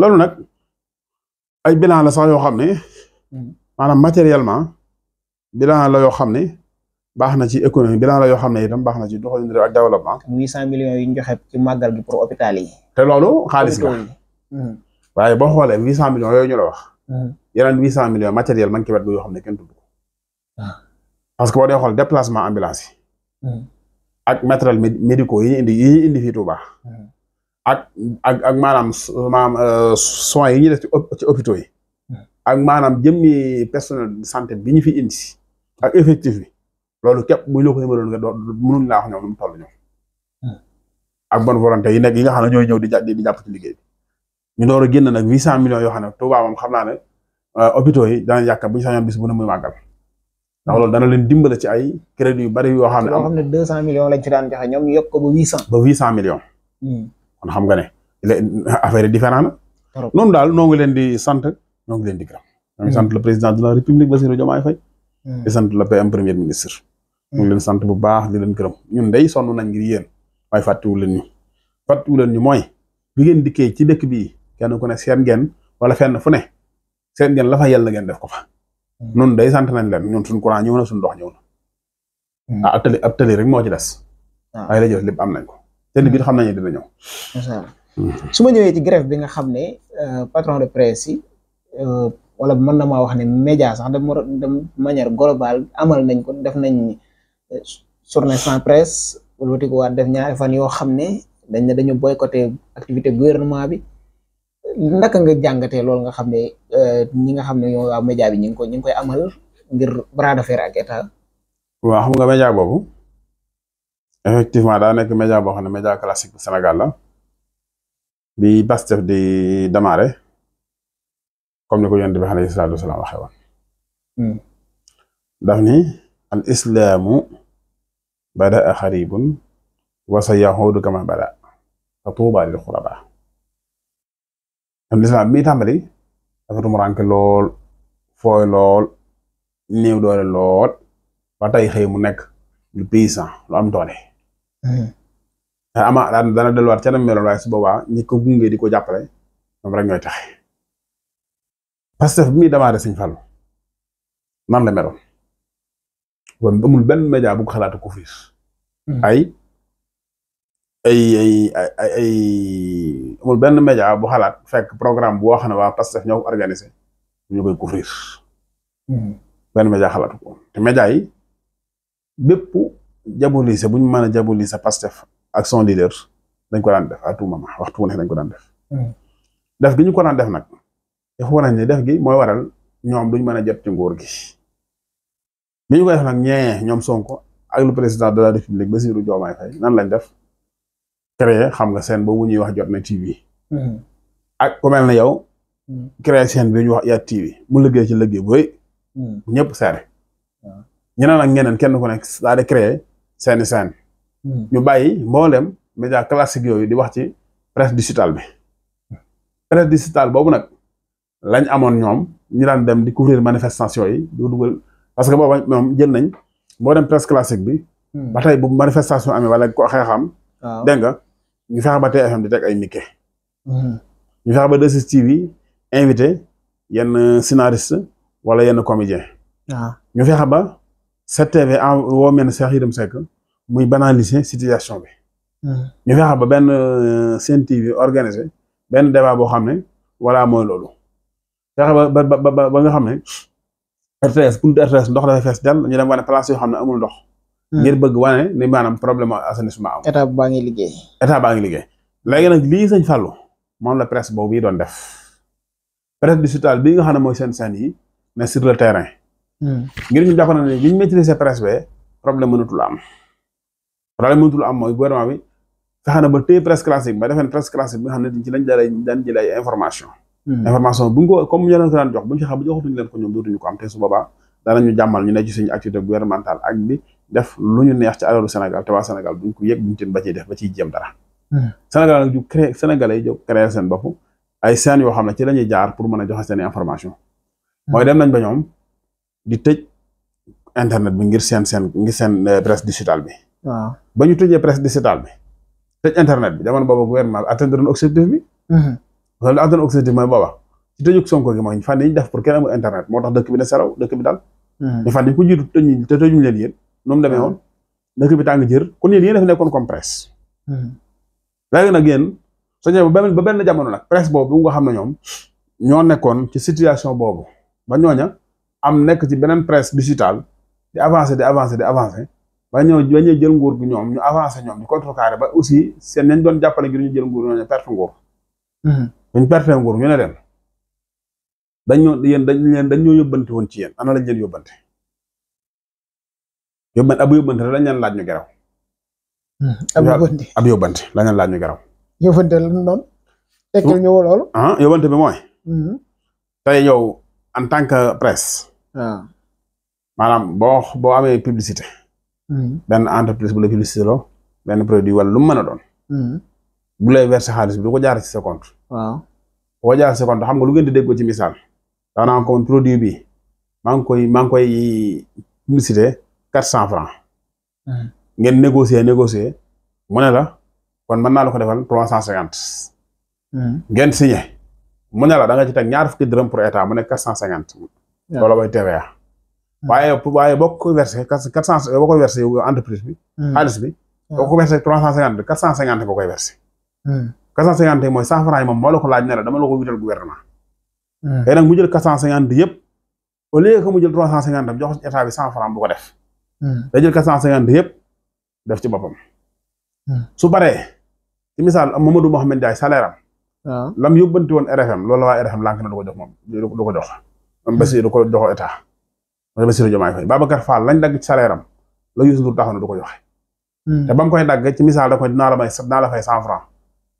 loolu nag ay bilan la sax yoo xam ne. Hmm. maanaam matériellement bilan la yoo xam ne baax na ci économie bilan la yoo xam ne itam baax na ci doxalin réew ak développement. huit cent millions yi ñu joxe ci màggal gi pour hôpital yi. te loolu xaalis la. Hmm. waaye boo xoolee huit cent millions yooyu ñu la wax. yeneen huit cent millions matériel man ki wet yoo xam ne kenn tudd ko. Ah. parce que boo xool déplacement ambulance yi. Hmm. ak matériel médicaux yi indi yi ñu indi fii Touba. Hmm. ak ak ak maanaam maanaam euh, soins yi ñuy def ci hôpitaux yi. Hmm. ak maanaam jëmmi personnel de santé bi ñu fi indi. ak effectif bi loolu képp bu ñu la ko numéro nga doon mënuñ laa wax ñoom mu toll ñoom. ak bonne volonté yi nekk yi nga xam ne ñooy ñëw di jà di jàpp ci liggéey ñu door a génn nag huit cent millions yoo xam ne Touba moom xam naa ne euh, hôpitaux yi danañ yàq bu ñu sañoon bis bu ne muy màggal. ndax loolu dana leen dimbale ci ay crédit yu bari yoo xam ne. am xam ne 200 millions lañ ci daan joxe ñoom yokk ba 800. ba millions. Hmm. kon xam nga ne affaire yi différent na. noonu daal noo ngi leen di sant noo ngi leen di gërëm. ñoo ngi hmm. sant président de la république Bassirou Diomaye Faye. Hmm. di sant le PM premier ministre. ñu ngi leen sant bu baax di leen gërëm ñun day sonn nañ ngir yéen waaye fàttewu leen ñu fàttewu leen ñu mooy bi ngeen dikkee ci dëkk bi kenn ku ne seen ngeen wala fenn fu ne seen ngeen la fa yàlla ngeen def ko Mm-hmm. nun day sant nañ leen ñun suñ courant ñëw na suñ ndox ñëw na. Mm-hmm. ah ab tali ab tali rek moo ci des. waaw ah. waaye rajo lépp am nañ ko tali bi xam nañ ne dina ñëw. macha mm-hmm. su ma ñëwee ci grève bi nga xam ne euh, patron de presse yi euh, wala mën na maa wax ne média sax de manière globale amal nañ ko def nañ euh, journée sans presse wala ko waat def ñaari fan yoo xam ne dañ ne dañu boycotté activité gouvernement bi. naka nga jàngatee loolu nga xam ne euh, ñi nga xam ne ñoo waa média bi ñu ko ñu ngi koy amal ngir bras de fer ak état. waaw xam nga média boobu effectivement daa nekk média boo xam ne média classique bu Sénégal la bi Pastef di démarré comme ni ko yonent bi alayhi salaatu wasalaam waxee hmm. xaribun wa sa yahuudu kama badaa fa tuubaa lil kon lislaam bi tàmbali dafa tumuraanke lool fooy lool néew doole lool wa tey xëy mu nekk lu puissant lu am doole. Hmm. te ama daan dana delluwaat ca na meloon waaye su boobaa ñi ko gunge di ko jàppale moom rek ñooy taxe Pastef bi muy démarré Sëñ nan la meloon ba amul benn média bu ko xalaatu ko fiir hmm. ay ay ay ay ay benn média bu xalaat fekk programme boo xam ne waa Pastef ñoo ko organisé ñu koy couvrir mhm. benn média xalaatu ko te yi bépp jabolise bu ñu mën a jabolise Pastef ak son leader dañ ko daan def à tout moment waxtu ne dañ ko daan def. Mhm. def gi ñu ko daan def nag dafa war ne def gi mooy waral ñoom duñ mën a jot ci nguur gi bi ñu koy def nag ñee ñoom Sonko ak le président de la république Bassirou Diomaye Faye nan lañ def. créer xam nga seen boobu ñuy wax jot na TV. Hmm. ak ku mel ne yow. Hmm. créer seen bi ñu wax yaat TV mu liggéey ci liggéey booy. Hmm. ñëpp seere. Ah. ñeneen ak ñeneen kenn ku nekk daal di créer seeni seen. ñu bàyyi mboolem média classique yooyu di wax ci presse digitale bi. presse digitale boobu nag lañ amoon ñoom ñu daan dem di couvrir manifestation yi du dugal parce que booba moom jël nañ mboolem presse classique bi. ba tey bu manifestation amee wala ko xeexam. Ah. dégg ñu fexe ba TFM di teg ay mike mhm. ñu fexe ba 2STV invité yenn scénariste wala yenn comédien ah. ñu fexe ba 7TV en woo mel ne Cheikh Yérim Seck muy banaliser situation bi. Mhm. ñu fexe ba benn euh, Sen TV organisé benn débat boo xam ne wala mooy loolu. fexe ba ba ba ba nga xam ne RTS pour RTS ndox dafay fees dell ñu dem wane place yoo xam ne amul ndox. Hmm. ngir bëgg wane ni maanaam problème assainissement am. état baa ngi liggéey. état baa ngi liggéey léegi nag lii sëñ Fallou moom la presse boobu yi doon def presse digitale bi nga xam ne mooy seen seen yi ne sur le terrain. Hmm. ngir ñu jàpp na ñu maîtriser presse bee problème mënatul am problème mënatul am mooy gouvernement bi fexe na ba téye presse classique ba defeen presse classique bi nga xam ne ci information hmm. information bu ñu ko comme ñu leen jox bu ñu fexe ba joxatuñu ko ñoom dootuñu bi def lu ñu neex ci alalu Sénégal te waa Sénégal duñ ko yëg duñ ci ba ciy def ba ciy jéem dara. Hmm. Sénégal nag ju créé Sénégalais yi créé seen bopp ay seen yoo xam ne ci lañuy jaar pour mën a joxe seen information. mooy hmm. dem nañ ba ñoom di tëj internet bi ngir seen seen ngir seen euh, presse digitale bi. ba ñu tëjee presse digitale bi. tëj internet bi jamono booba gouvernement bi atteindre na objectif bi. Hmm. loolu atteindre na objectif mooy booba. ci tëjug Sonko gi mooy fan yi ñu def moo tax dëkk bi da seraw dëkk bi daal. ñu fan yi ku jiitu tëj te nu mu demee woon dëkk bi tàng jër kon yéen yéen dafa nekkoon comme presse. Hmm. léegi nag yéen soo ba ba benn jamono nag presse boobu nga xam ne ñoom ñoo nekkoon ci situation boobu ba ñooña am nekk ci beneen presse digitale di avancer di avancer di avancer ba ñoo jël nguur gi ñoom ñu avancer ñoom di contrecarrer ba aussi seen nañ doon jàppale ngir ñu jël nguur ñooñu perte nguur. Hmm. buñ nguur ñu ne leen dañ ñoo yéen dañ leen dañ ñoo yóbbante woon ci yéen ana lañ leen yóbbante. yóbbante ab yóbbante lañ leen laaj ñu geraw. Hmm, ab yóbbante ab yóbbante lañ leen laaj ñu geraw. yóbbante la ñu doon. tekkil ñu woo loolu. Ah, bi mooy. Hmm. tey yow en tant que presse. waaw ah. maanaam boo boo amee publicité. Hmm. benn entreprise bu la publicité loo benn produit wala lu mu mën a doon. bu lay verser xaalis bi du ko jaar ci sa compte. jaar ci sa xam nga lu ngeen di déggoo ci misaal. daanaka kon produit bi maa ngi koy maa koy publicité. quatre cent franc. Hmm. ngeen négocier négocier mu ne la kon mën naa la ko defal trois cent cinquante. Hmm. ngeen signé mu ne la da ci teg ñaar fukki dërëm pour état mu ne quatre cent cinquante. loolu mooy TVA. Hmm. waaye waaye boo ko versé quatre cent boo ko versé entreprise bi. xaalis bi boo ko versé trois cent cinquante quatre cent cinquante nga koy versé. quatre cent cinquante mooy cent franc yi moom moo la ko laaj ne la dama la ko wital gouvernement. léegi nag quatre cent cinquante yëpp au lieu que mu trois cent cinquante jox état bi cent Hmm. day jël quatre cent cinquante yëpp def ci boppam. Hmm. su baree ci misaal am Mamadou Mouhamed Ndiaye salaire am. waaw lam yóbbanti woon RFM loolu la waa RFM lànk na du ko jox moom du ko jox. am Bassirou du ko joxoo état mooy Bassirou Diomaye Faye Babacar la Youssou Ndour taxaw na du ko joxe. Hmm. te ba mu ci misaal da koy dinaa la may dinaa la fay cent franc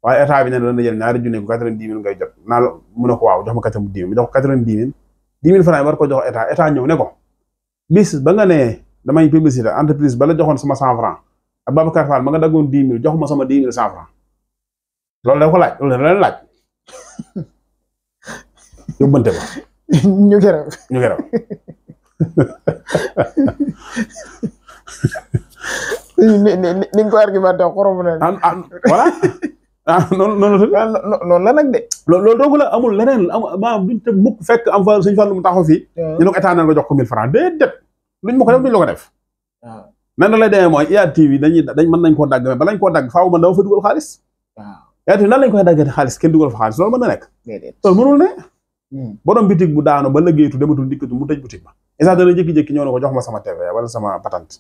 waaye état bi ne dana jël ñaari junne ko quatre vingt a ko ne ko ba nga nee damay publicité entreprise bala joxoon sama 100 francs ak Babacar Fall ma nga daggoon 10 000 ma sama 10 000 100 francs loolu da ko laaj loolu ni ko argumenté xorom na. ah voilà ah noonu la. Ah, noonu la nag de. loolu doogu la amul leneen am maanaam duñ te mukk fekk am fa suñu fan mu taxaw fii. Ah. ñu ne ko état na nga jox ko 1000 francs déedéet. luñ ma ko def duñ la ko def. waaw nan lay demee mooy IATV dañuy dañ mën nañ koo dagg mais bala ñu koo dagg faaw man dama fa dugal xaalis. waaw IATV nan lañ koy daggati xaalis kenn dugal fa xaalis loolu mën na nekk. déedéet loolu mënul ne. Hmm. borom bitig bu daano ba lëggéeytu dematul dikkatu mu tëj bitig ba. isa dana jékki-jékki ñëw na ko jox ma sama TV wala sama patente.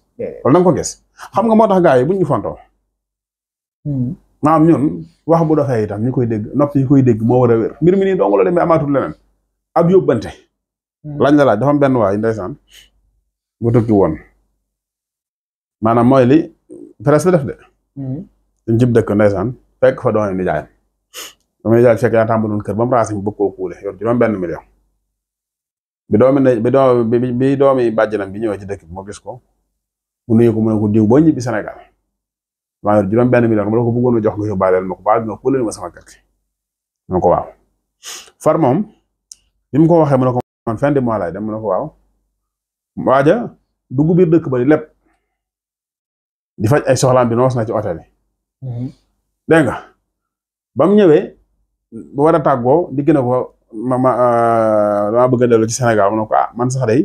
loolu na ko gis xam nga moo tax gars yi buñ ñu fontoo. maanaam hmm. ñun wax bu doxee itam ñu koy dégg nopp yi koy dégg moo war a wér mbir mi nii dong la yóbbante. Hmm. lañ la laaj dafa am benn waay ndeysaan bu tukki woon maanaam mooy li presse bi def de. Hmm. dañ jëm dëkk ndeysaan fekk fa doon di jaayam dama di jaay fekk yaa tàmbaloon kër ba mu raasi mu kuule yor juróom benn million bi doomi ne bi doomi bi bi ñëwee ci dëkk bi moo mu nuyu ko mu boo ñibbi Sénégal maa juróom benn mi ma la ko bëggoon a jox nga yóbbaaleel ma ko baal nga kuule ma sama kër gi ko waaw far moom bi mu ko waxee mu ne ko man fin de mois laay dem mu ne ko waaw. waaja dugg biir dëkk ba di lépp di faj ay soxlaam bi noos na ci hôtel yi mhm. dégg nga ba mu ñëwee ba war a tàggoo di gën a ko ma ma euh, damaa dellu ci Sénégal mu ne ko ah man sax day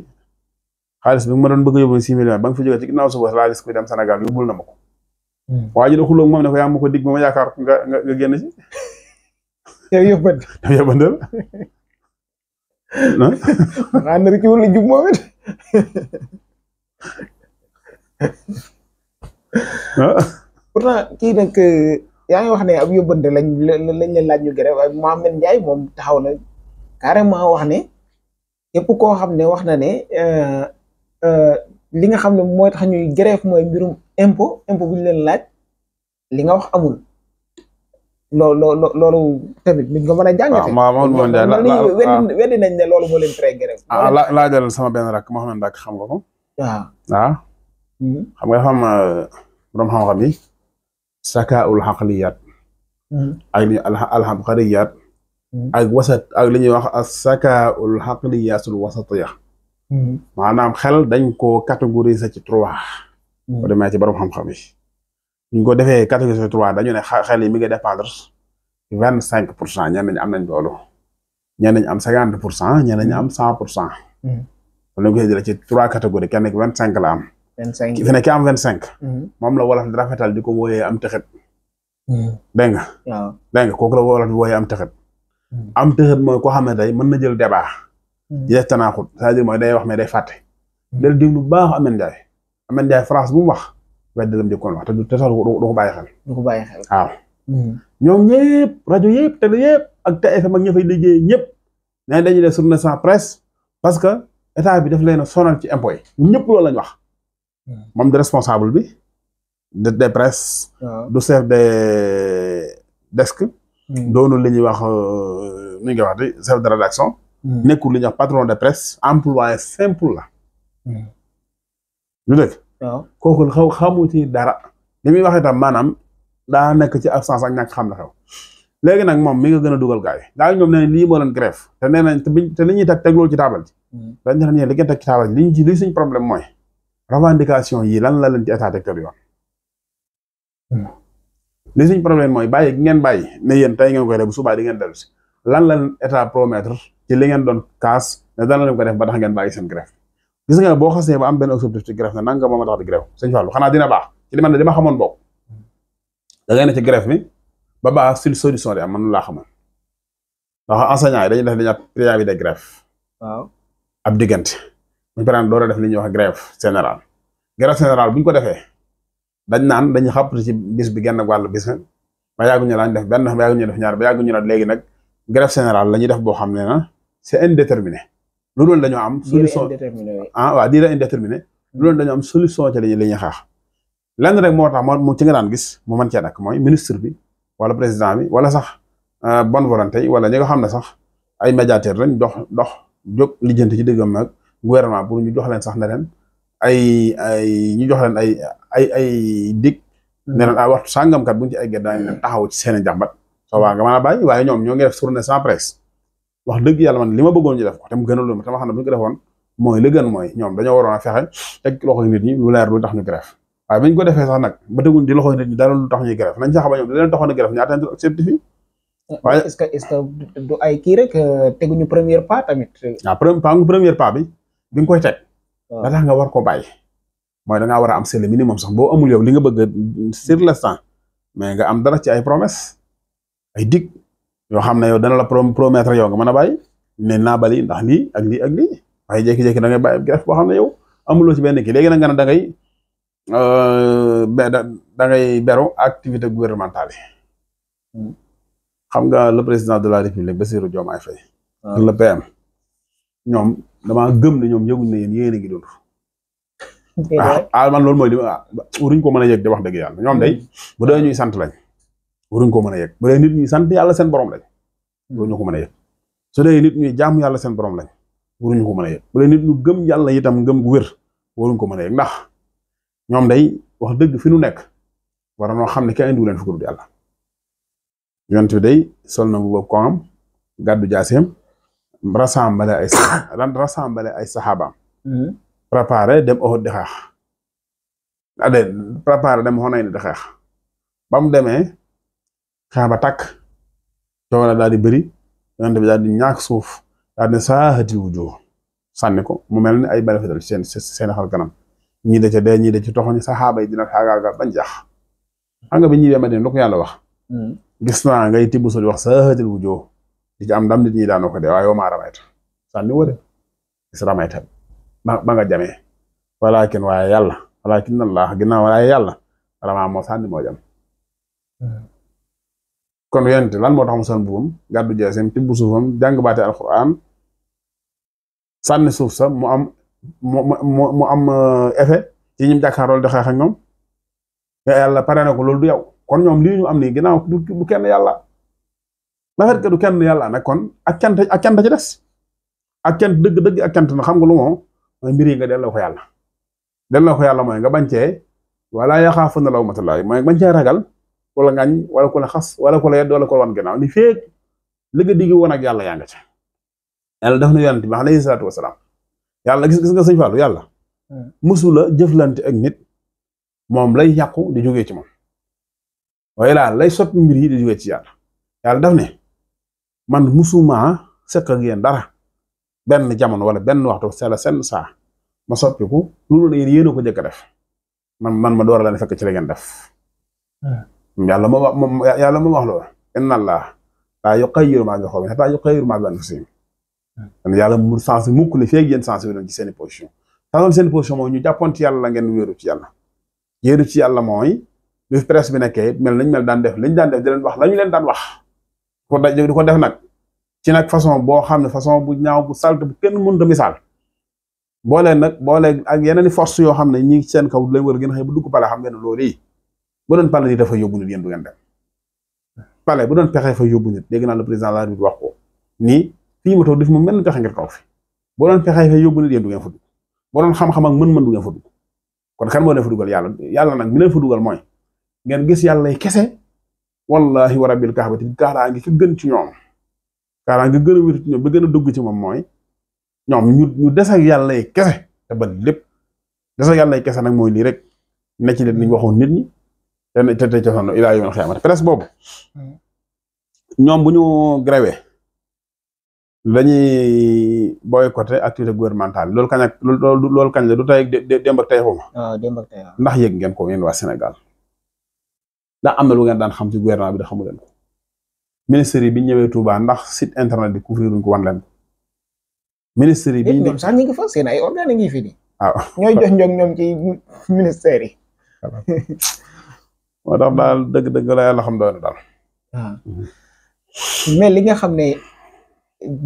xaalis bi ma doon bëgg a yóbbu six millions ba nga fi jógee ci ginnaaw suba laa gis dem Sénégal yóbbul na ma ko. Mhm. waa ji moom ne ko yaa ma ko dig ba ma nga nga génn ci. yow yóbbal yow yóbbal ah nar ci wala jub moom it pourtant kii nag euh, yaa ngi wax ne ab yóbbante lañ lañ leen laaj ñu gërëm waaye Mohamed Ndiaye mom taxaw na carrément wax ne képp koo xam ne wax na ne euh, euh, li nga xam ne mooy tax ñuy grève mooy mbirum impôt impo bu ñu leen laaj li nga wax amul loo loo loolu tamit ni ñu ko mën a jàngatee. waaw Mamadou Mamadou Ndiaye la la weddi nañ ne loolu moo leen traité grève. Ah, ah, benn rakk moo xam ne xam nga ko. Ah? Mm-hmm. xam nga xam uh, borom xam-xam yi. sakaul xaqliyaat. Mm-hmm. ak li ñuy alxaqliyaat. Mm-hmm. ak wasat ak li ñuy wax as sakaul xaqliyaatul wasatiya. maanaam xel dañ ko koo catégoriser ci trois. ba demee ci borom xam-xam yi. ñu ko defee catégorie trois dañu ne xel yi mi ngi dépendre vingt cinq pour cent ñenn ñi am nañ loolu ñenn ñi am cinquante pour cent ñenn am cent pour cent. Mm-hmm. loolu nga koy jëlee ci trois catégories kenn ki vingt cinq la am. vingt cinq ki am vingt cinq. Mm-hmm. moom la wolof di rafetal di ko wooyee am texet. Mm-hmm. dégg nga. waaw dégg nga la wolof di am texet. am texet mooy koo xam ne tey mën na jël débat. di def tanaaxut cest à mooy day wax mais day fàtte. del déglu bu baax Ameth Ndiaye Ameth Ndiaye France bu mu wax. weddalam di kon wax te du te sax du ko bàyyi xel. du ko bàyyi xel waaw. Hmm. ñoom ñëpp rajo yëpp télé yëpp ak TFM ak ña fay liggéey ñëpp nee dañuy def journée sans presse parce que état bi daf leen a sonal ci impôt yi ñëpp loolu lañ wax. Hmm. moom de responsable bi de des presse. du chef des desk. Hmm. doonu li ñuy wax euh, nu nga wax di chef de rédaction. nekkul li ñuy wax patron de presse employé simple la. waaw kooku xaw xamu ci dara. li muy wax itam maanaam daa nekk ci absence ak ñàkk xam la xew. léegi nag moom mi nga gën a dugal gars yi gars yi ñoom nee lii moo lan grève te nee nañ te li ñuy teg teg loolu ci taabal ji hmm. dañ ne li ngeen teg ci taabal li ñu ci li suñ problème mooy revendication yi lan la leen ci état teg teg yoon hmm. mooy bàyyi gi ngeen bàyyi ne yéen tey ngeen koy def bu subaa di ngeen dellu si lan la leen état promettre ci li ngeen doon kaas ne dana leen ko def ba tax ngeen bàyyi seen grève gis nga ne boo xasee ba am benn objectif ci grève na nanga moom a tax di grève sëñ Fallou xanaa dina baax ci li man ne dama xamoon bokk da ne ci bi ba baax si solution de am man laa xamoon ndax enseignant yi dañuy def li ñuy wax préavis de grève waaw ab diggante buñu paree def li ñuy wax grève générale grève générale bu ñu ko defee dañ naan dañu xàpp ci bis bi genn wàllu bis ba yàgguñu la ñu def benn ba yàgguñu def ñaar ba yàgguñu la léegi nag grève générale la ñuy def boo xam ne na c'est indéterminé lu dul dañoo am. solution ah waaw durée indéterminée. Hmm. lu dul dañoo am solution ci li ñuy xaar. lenn rek moo tax moom ci nga daan gis mu mën cee nag mooy ministre bi wala président bi wala sax euh, bonne volonté yi wala ñi nga xam ne sax ay médiateur lañ dox dox jog lijjanti ci diggam ak gouvernement pour ñu jox leen sax ne leen ay ay ñu jox leen ay ay ay dig. Hmm. ne leen ay ah, waxtu sàngamkat bu ñu ci ay gerte daañu leen taxaw ci seen i jàmbat. soo waa nga mën a waaye ñoom ñoo ngi def tournée sans presse. wax dëgg yàlla man li ma bëggoon ñu def ko te mu gënal ma te ma xam ne bu ñu ko defoon mooy li gën mooy ñoom dañoo waroon a fexe teg loxo nit ñi lu leer lu tax ñu grève waaye bañ ko defee sax nag ba teguñ ñu certifié kii rek euh, teguñu premier pas tamit. waaw ah, premier pas bi bi nga koy teg. Ah. da tax nga war ko bàyyi. mooy da ngaa war a am c'est le minimum sax boo amul yow li nga bëgg euh, sur l'instant mais nga am dara ci ay promesse ay dig yoo xam na yow dana la promettre yow nga mën a bàyyi ne naa bali ndax lii ak lii ak lii waaye jékki-jékki da ngay bàyyi boo xam ne yow amuloo ci benn kii léegi nag nga ne da ngay euh, beru activité gouvernementale yi hmm. xam nga le président de la république Bassirou Diomaye Faye ah. ak le PM ñoom damaa gëm ne ñoom yëguñ ne yéen yéen a ah, ah, man loolu mooy li ruñ ko mën a yëg di wax dëgg yàlla ñoom day hmm. bu dee ñuy sant lañ waruñ ko mën a yëg bu dee nit ñi sant yàlla seen borom lañ waruñu ko mën a yëg su dee nit ñi jaamu yàlla seen borom lañ waruñu ko mën a yëg bu dee nit ñu gëm yàlla itam gëm gu wér waruñ ko mën a yëg ndax ñoom day wax dëgg fi nu nekk war noo xam ne kenn indiwu leen fi ku dul yàlla yonent bi day sol na mu ko am gàddu jaaseem rassemblé ay ran rassemblé ay saxaabaam mm-hmm. préparé dem Uhud di xeex ade préparé dem Hunayn di xeex ba demee xaa ba tàkk coow daal di bëri yonent bi daal ñaak suuf daal ne saahatil wujoo sànni ko mu mel ni ay bala fetal seen seen xar kanam ñii da ca dee ñii da ci toxoñ saxaaba yi dina xaagaaga bañ jaax xam nga bi ñuy demee lu ko yàlla wax hmm. gis naa ngay tibb wax saahatil wujoo ndam nit ñi daanoo ko dee waaye woo maa ramayta sànni woo de gis ramayta ba nga jamee walakin waaye yàlla walakin allah ginnaaw waaye yàlla ramaa moo sànni moo jam hmm. kon yonent lan moo tax mu san buum gàddu jaaseem bu suufam jàng baate alquran sànni suuf sa mu am mu mu mu am uh, effet ci ñim jàkkaarool di xeex ak ñoom yàlla pare na ko loolu du yow kon ñoom lii ñu am nii ginnaaw du kenn yàlla la fekk du kenn yàlla nag kon ak cant ak cant ci des ak cant dëgg-dëgg ak cant na xam nga lu moom mooy mbir yi nga delloo ko yàlla delloo ko yàlla mooy nga bañ cee walaa wala yaxaafu na law matalaay mooy bañ cee ragal. wala ku la xas wala ko la yedd wala ko la wan gannaaw li feeg li nga digg woon ak yàlla yaa nga ca yàlla def na yonent bi alayhi salaatu wasalaam yàlla gis gis nga sëñ Fallou yàlla musu la jëflante ak nit moom lay yàqu di jógee ci moom waaye laa lay sot mbir yi di jógee yàlla yàlla man musuma sekk ak yéen dara benn jamono wala benn waxtu sela sen saa ma soppiku loolu la yéen yéen a ko jëkk def man man ma door a fekk ci la ngeen def hmm. yàlla moo wax moom yàlla moo wax loolu inna allah laa yuqayyiru maa bi qawmin hattaa yuqayyiru maa bi anfusihim yàlla mu sens mukk ne feeg yéen sens ci seen position tanoon seen position mooy ñu jàppoon ci yàlla ngeen wéeru ci yàlla yéeru ci yàlla mooy bi presse bi nekkee mel nañ mel daan def lañ daan def di leen wax lañu leen daan wax ko daj di ko def nag ci nag façon boo xam ne façon bu ñaaw bu salte bu kenn mënut a misaal boolee nag boolee ak yeneen i force yoo xam ne ñi ngi seen kaw du leen war a gën a xëy bu dugg bala xam ngeen loolu yi bu doon palais di dafa yóbbu nit yéen du ngeen dem palais bu doon pexe fa yóbbu nit dégg naa le président de la République wax ko nii fii ma toog def mu mel pexe ngir toog fi boo doon pexe fa yóbbu nit yéen du ngeen dugg boo doon xam-xam ak mën-mën du ngeen fa dugg kon kan moo leen fa yàlla yàlla nag mi leen fa dugal mooy ngeen gis yàlla yi kese wallahi wa rabbil kaabati kaaraange ki gën ci ñoom kaaraange gën a wér ci ñoom ba gën a dugg ci moom mooy ñoom ñu ñu des yàlla yi kese te ba lépp des yàlla yi kese nag mooy lii rek ne ci leen ni ñu waxoon nit ñi te te te sonn ilaa yawmal xiyaamati presse boobu hmm. ñoom bu ñu grévé dañuy boycotté activité gouvernementale loolu kañ ak loolu kañ la du tey démb ak tey xuma. Ah, waaw démb ndax yëg ngeen ko yéen waa Sénégal ndax am na lu ngeen daan xam ci gouvernement bi da xamu leen ko ministère yi bi ñëwee Touba ndax site internet bi couvrir ko wan leen ko. yi bi ñu ñoom sax ñu ah. ñoom ci ministère yi. Ah. moo tax daal dëgg-dëgg la yàlla xam doone daal. Ah. mais li nga xam ne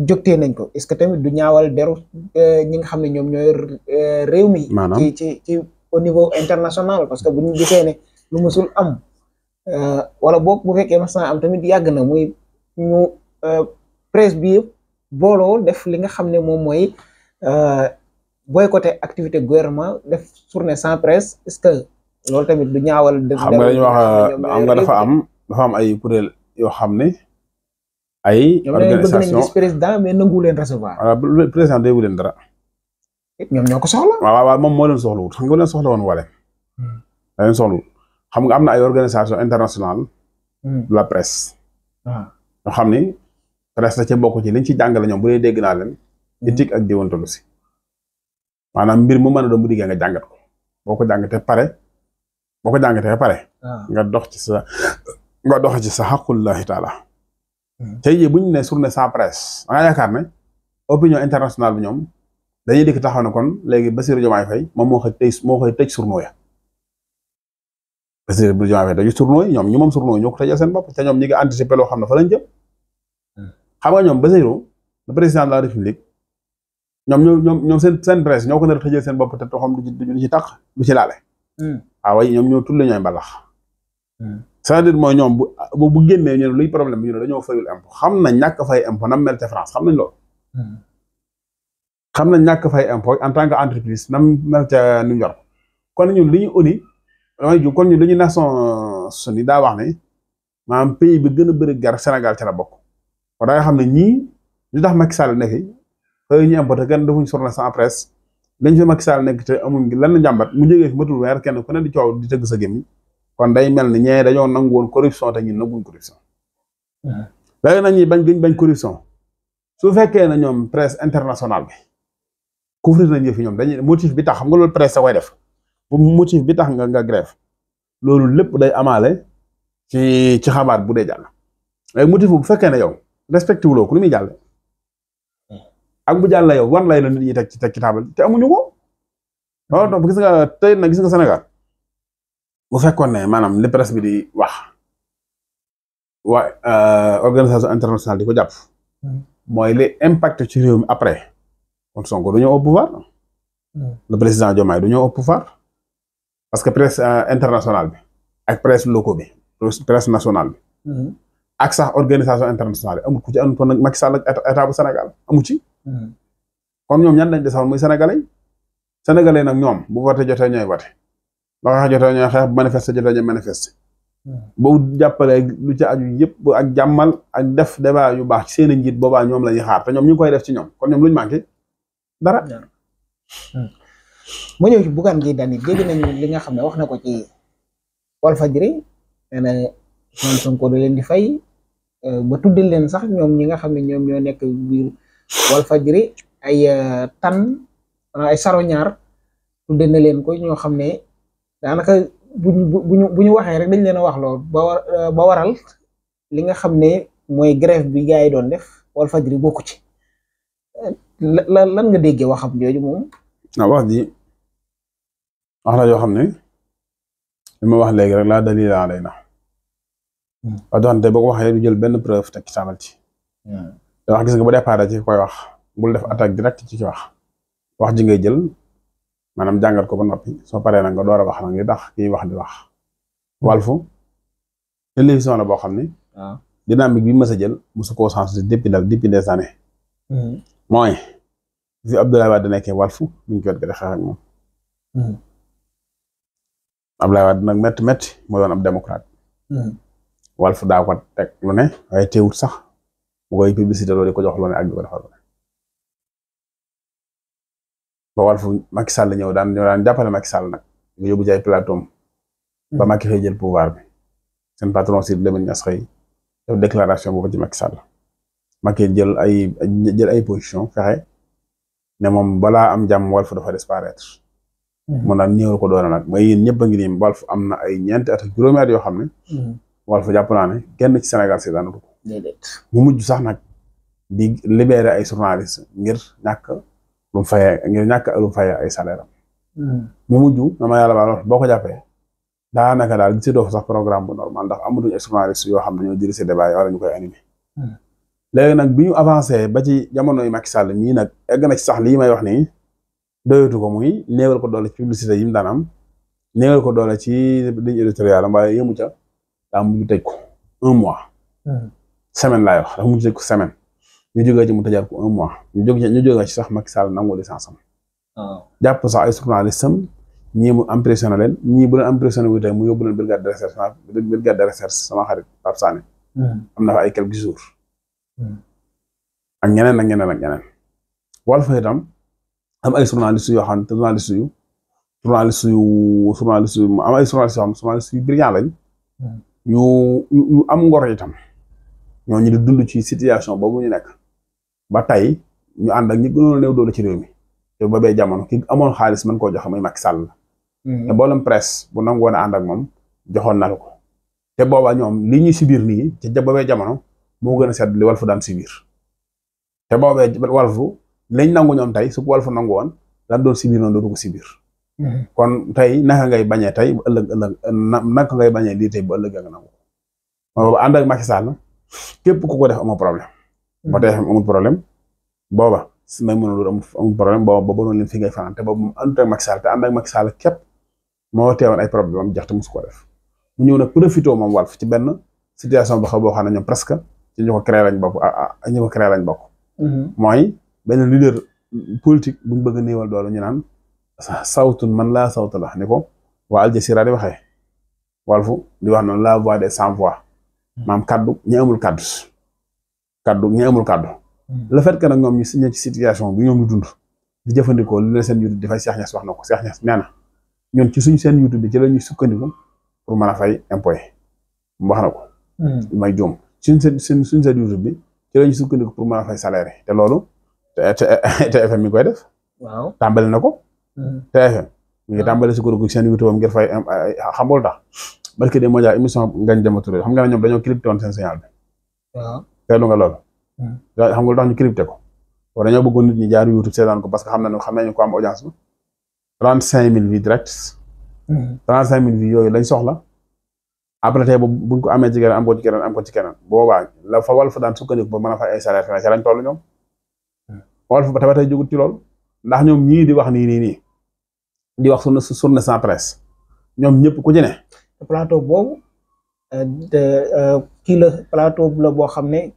jógtee nañ ko est-ce que tamit du ñaawal deru euh, ñi nga xam ne ñoom ñooy euh, réew mi. maanaam ci ci ci au niveau international parce que bu ñu gisee ne lu masul am. Euh, wala bo bu fekkee mas naa am tamit yàgg na muy ñu presse bi yëpp booloo def li nga xam ne moom mooy côté activité gouvernement def journée sans presse est-ce loolu tamit du ñaawal. xam nga dañuy wax euh, am nga dafa am dafa am ay kuréel yoo xam ne ay. organisation ñoom président mais nangu leen recevoir. voilà président déggu leen dara. ñoom ñoo ko soxla. waaw moom moo leen soxlawut xam nga woon wala. da xam nga am na ay organisation internationale. de hmm. la presse. waaw ah. xam ni presse la ca bokk ci liñ ci jàngale ñoom bu dee dégg naa leen. Hmm. éthique ak déontologie. maanaam mbir mu mën a doon bu diggee nga jàngat ko boo ko jàngatee pare. boo ko jàngatee ba pare. Ah. nga dox ci sa nga dox ci sa xaqullahi taala. Hmm. tey jii bu ñu nee journée sans presse da nga yaakaar ne opinion internationale bi ñoom dañuy dikk taxaw ne kon léegi Bassirou Diomaye Faye moom moo koy tëj moo koy tëj journaux ya. Bassirou Diomaye Faye dañuy journaux yi ñoom ñu moom journaux ñoo ko tëjee seen bopp te ñoom ñi ngi loo xam ne fa lañ jëm. Hmm. xam nga ñoom Bassirou le président de la république ñoom ñoo ñoom seen seen presse ñoo ko nar a seen bopp te toxam du ci du ci tàq du ci laale. Hmm. aawa ah yi ñoom ñoo tudd la ñooy mbalax. Hmm. cest dire mooy ñoom bu bu génnee ñu ne luy problème bi ñu ne dañoo fayul impôt xam nañ ñàkk fay impôt nam mel te France xam nañ loolu. Hmm. xam ñàkk fay impôt en tant que entreprise nam mel ca kon ñun li ñu uni kon ñun li ñu Nations Unies daa wax ne maanaam pays bi gën a bëri gar Sénégal ca la bokk kon da nga xam ne ñii ñu tax Macky Sall ne fi xëy ñu impôt te kenn defuñ journée sans dañ fi Macky Sall nekk te amul lenn jàmbat mu jógee fi weer kenn ku di coow di tëgg sa gémmiñ kon day mel ni ñee dañoo nangu woon corruption te ñun nanguñ corruption uh-huh. léegi nag bañ gëñ bañ corruption su fekkee na ñoom presse internationale bi couvrir nañ yëf yi ñoom dañuy motif bi tax xam nga loolu presse da koy def bu bi tax nga nga grève loolu lépp day amaale ci ci xabaar bu dee jàll léegi motif bu fekkee ne yow respecté wuloo ku ni muy jàll ak bu jàll la yow wan lay la nit ñi teg ci teg ci taabal te amuñu ko loolu donc gis nga tey nag gis nga Sénégal bu fekkoon ne maanaam li presse bi di wax waa euh, organisation internationale di ko jàpp hmm. mooy li impact ci réew mi après kon Sonko du ñëw au pouvoir hmm. le président Diomaye du ñëw au pouvoir parce que presse euh, international bi ak presse locaux bi presse nationale bi hmm. ak sax organisation internationale bi amul ku ci andoon nag Macky a ak état Sénégal amu kon ñoom ñan lañ desoon muy sénégalais sénégalais nag ñoom bu vote jotee ñooy vote ba xeex jotee ñooy xeex manifest manifester jotee ñooy manifester hmm. boobu jàppale lu ci aju ak jàmmal ak def débat yu baax seen i njiit boobaa ñoom la ñuy xaar te ñoom ñu koy def ci ñoom kon ñoom luñ manqué dara. Hmm. mu ñëw ci Bougane Gueye Dany dégg nañu li nga xam ne wax na ko ci Walfadjri nee na Sonko da leen di fay euh, ba tuddal leen sax ñoom ñi nga xam ne ñoom ñoo nekk biir wal fajri ay eh, tan ay saroñaar tudde na leen koy ñoo xam ne daanaka buñu ñu waxee rek dañ leen a wax lool ba eh, waral li nga xam ne mooy grève bi gaa yi doon def wal fajri bokku ci eh, lan lan nga déggee waxam jooju moom waaw ah, wax ji wax la yoo xam ne li wax léegi rek laa dalila alay hmm. na wax joo xam ne boo waxee du jël benn preuve teg ci saabal ci hmm. te wax gis nga bu départ ci koy wax bul def attaque direct ci ci wax wax ji ngay jël maanaam jàngat ko ba noppi soo paree nag nga door a wax nag li tax kiy wax di wax. Walfu télévision la boo xam ne. Ah. dynamique bi mi a jël mosu koo sensé depuis daal depuis des années. Hmm. mooy fi Abdoulaye Wade nekkee Walfu mi ngi koy gën a xeex ak moom. Hmm. Abdoulaye Wade nag métti métti moo démocrate. Hmm. Walfu daa ko teg lu ne waaye teewul sax. bu koy publicité loolu di ko jox a ne ak di ko defal ba wàll fu Macky Sall ñëw daan ñëw daan jàppale Sall nag nga yóbbu ci ay plateau hmm. ba mak xëy jël pouvoir bi seen patron si Lamine Niass xëy def déclaration boobu jël ay jël ay position fexe ne moom balaa am jàmm Walf dafa disparaître. Hmm. mu naan néew ko doon nag mais yéen ñëpp a ngi nii Walf am na ay ñeenti at ak yoo xam ne. Hmm. Walf jàpp naa ne kenn ci Sénégal si déedéet mu mujj sax nag di libéré ay journaliste ngir ñàkk lu mu fayee ngir ñàkk lu mu fayee ay salaire am. Hmm. mu mujj dama yàlla baal wax boo ko jàppee daanaka daal di si doof sax programme bu normal ndax amatuñu ay journaliste yoo xam ne ñoo diri si débat yi wala ñu koy animé. Hmm. léegi nag biñu ñu avancé ba ci jamonoy Macky Sall mii nag egg na ci sax lii may wax nii doyatu ko muy néewal ko doole ci publicité yi mu daan am néewal ko doole ci di éditoriale am waaye yëmu ca daa mujj tëj semaine laay wax mu mujj ko semaine ñu jógee ci mu tëjaat ko un mois ñu jóg ñu jógee ci sax Macky Sall nangu licence am. Ah. jàpp sax ay journaliste am ñii mu impressionné leen ñii bu leen impressionné wu tey mu yóbbu leen brigade de recherche ah, brigade de recherche sama xarit Pape hmm. am na fa ay quelques jours. Hmm. ak ñeneen ak ñeneen ak ñeneen. Walf itam am ay journaliste yoo xam ne journaliste yu journaliste yu journaliste yu am ay journaliste yoo xam ne journaliste yu brillant lañ. Hmm. yu am ngor itam. ñooñu di dund ci situation boobu ñu nekk ba tey ñu ànd ak ñi gënoon néew doole ci réew mi te ba bee jamono ki amoon xaalis mën koo joxe muy Macky Sall la. Mm-hmm. te boolem bu nangoon ànd ak moom joxoon na ko. te booba ñoom li ñuy subir nii ci ba bee jamono moo gën a sedd li wal Walf daan subir te boobee Walf liñ nangu ñoom tey su ko fu nangu woon lan doon subir noonu dootu ko subir. Mm-hmm. kon tey naka ngay bañee tey bu ëllëg ëllëg naka ngay bañee lii tey bu ëllëg nga nangu. ànd ak Macky képp ku ko def amoo problème. ba hmm. problème booba si may mënul amul problème booba booba noonu leen fi ngay fanaan te boobu moom ànd ak Macky Sall te ànd ak képp moo teewoon ay problème am jaxte mosu ko def mu ñëw nag profité moom Walf ci benn situation boo xam boo xam ne ñoom presque ci ñu ko créé lañ bokk lañ bokk. Hmm. mooy benn leader politique bu ñu bëgg a néewal doole ñu naan sawtun man laa sawtu la ni ko wa Al Jazeera di waxee Walf di wax noonu la voix des sans Hmm. maam kaddu ñi amul kaddu kaddu ñi amul kaddu. Hmm. ñoom ñu signé ci situation bi ñoom ñu dund di jëfandikoo lu leen seen YouTube dafay Cheikh Niass wax na ko Cheikh Niass nee ci suñu seen YouTube bi ci la pour mën a fay impôt hmm. suñ seen suñ suñ bi ci la ñuy sukkandiku pour mën fay salaire te loolu TFM mi koy def. waaw tàmbali na ko. TFM mi ngi tàmbali sukkandiku seen YouTube am ngir barke de moo jaay émission ngañ Demba Touré xam nga ne ñoom dañoo crypté woon seen signal bi. waaw seetlu nga hmm. xam nga lu tax ñu crypté ko. wala dañoo bëggoon nit ñi jaar YouTube seetaan ko parce que xam nañu xam nañu ko am audience bi. trente cinq mille vues direct. Hmm. trente cinq mille vues yooyu lañ soxla. après tey boobu buñ ko amee ci keneen am ko ci keneen am ko ci keneen boobaa la fa Walf daan sukkandiku ba mën a fay ay salaire feneen ci lañ toll ñoom. Hmm. Walf ba tamit tey jógut ci lool ndax ñoom ñii di wax nii nii nii. di wax sur ne sur ne sans presse. ñoom ñëpp ku plateau boobu euh, euh, kii la plateau la boo xam ne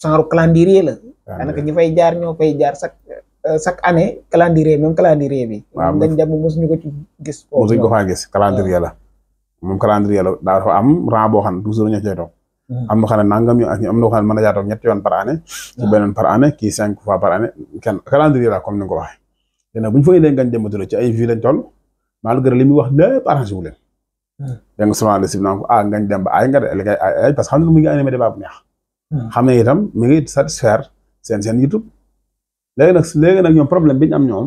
genre calendrier la. daanaka ñi fay jaar ñoo fay jaar chaque euh, chaque année calendrier même calendrier bi. waaw dañ dem mosuñu ko ci gis. mosuñu ko faa gis calendrier la. moom calendrier la daa am rang boo xam ne toujours ñoo cay hmm. am na xam ne nangam yoon am na xam ne mën na caa toog yoon par année. ci hmm. beneen par année kii cinq fois par année kenn calendrier la comme ni nga ko waxee. te nag bu ñu fa indee ci ay vie lañ toll malgré li muy wax lépp arrangé wu da nga semence de cible naan ko ah ngañ dem ba ay nga de li ngay ay parce que xam nga mu ngi hmm. ne itam mi ngi satisfaire seen seen YouTube. léegi nag léegi nag ñoom problème bi ñu am ñoom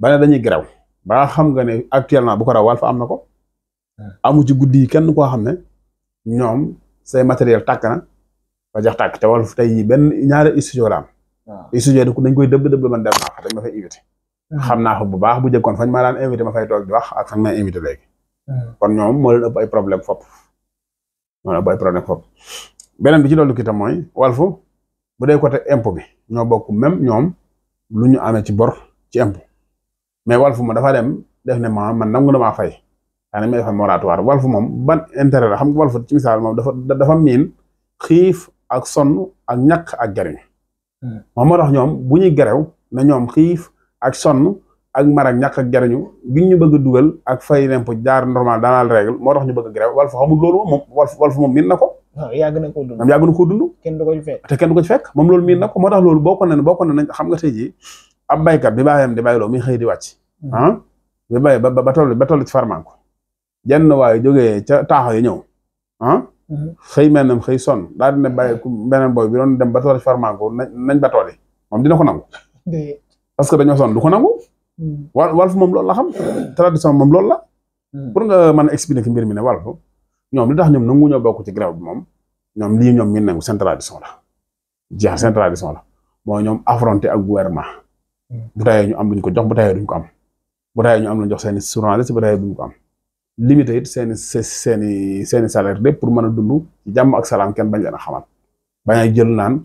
ba ne dañuy grève ba nga ne actuellement bu ko raw Walf am na ko. Hmm. amu ci guddi kenn koo xam ne ñoom see matériel tàkk na ba jax tàkk te Walf tey yi benn ñaari studio la am. waaw hmm. studio dañ koy dëbb dëbb man dem naa fa ma fay invité. xam naa fa bu baax bu jëkkoon fañ ma daan invité ma fay toog di a ak fañ may invité léegi. Hmm. kon ñoom moo leen ëpp ay problème fop moo leen ëpp ay problème fop beneen bi ci dolli ki tam mooy Walf bu dee côté impôt bi ñoo bokk même ñoom lu ñu amee ci bor ci impôt mais Walf ma dafa dem def ne ma man nangu na maa fay daanaka may defal moratoire Walf moom ban intérêt la xam nga Walf ci misaal moom dafa dafa miin xiif ak sonn ak ñàkk ak jariñ hmm. moom moo tax ñoom bu ñuy gerew na ñoom xiif ak sonn. ak mar ak ñàkk ak jariñu gi ñu bëgg dugal ak fay lempo jaar normal dans la règle moo tax ñu bëgg grève Walf xamul loolu moom Walf Walf moom miin na ko waaw yàgg na koo dund yàgg na koo dund kenn du ko ci fekk te kenn du ko ci fekk moom loolu hmm. ah? ba ba toll ba toll ci farmanko jenn waaye jógee ca taaxo yi ñëw ah hmm. xëy mel nam xëy sonn daal dina bàyyi beneen booy bi doon dem ba toll ci farmanko nañ ba tool yi moom dina ko nangu parce que dañoo sonn du ko nangu wal walf moom lool la xam tradition moom loolu la hmm. pour nga mën a expliquer mbir mi ne walf ñoom li tax ñoom nangu ñoo bokk ci grève bi moom ñoom lii ñoom ñu nangu seen tradition la jeex seen tradition la moo ñoom affronté a gouvernement hmm. bu tawee ñu am luñ ko jox bu tawee duñ ko am bu tawee ñu am luñ jox seen i journaliste bu tawee duñ ko seen i seen seen i salaire lépp pour mën a dund ci jàmm ak salaam kenn bañ leen a xamal bañ a jël naan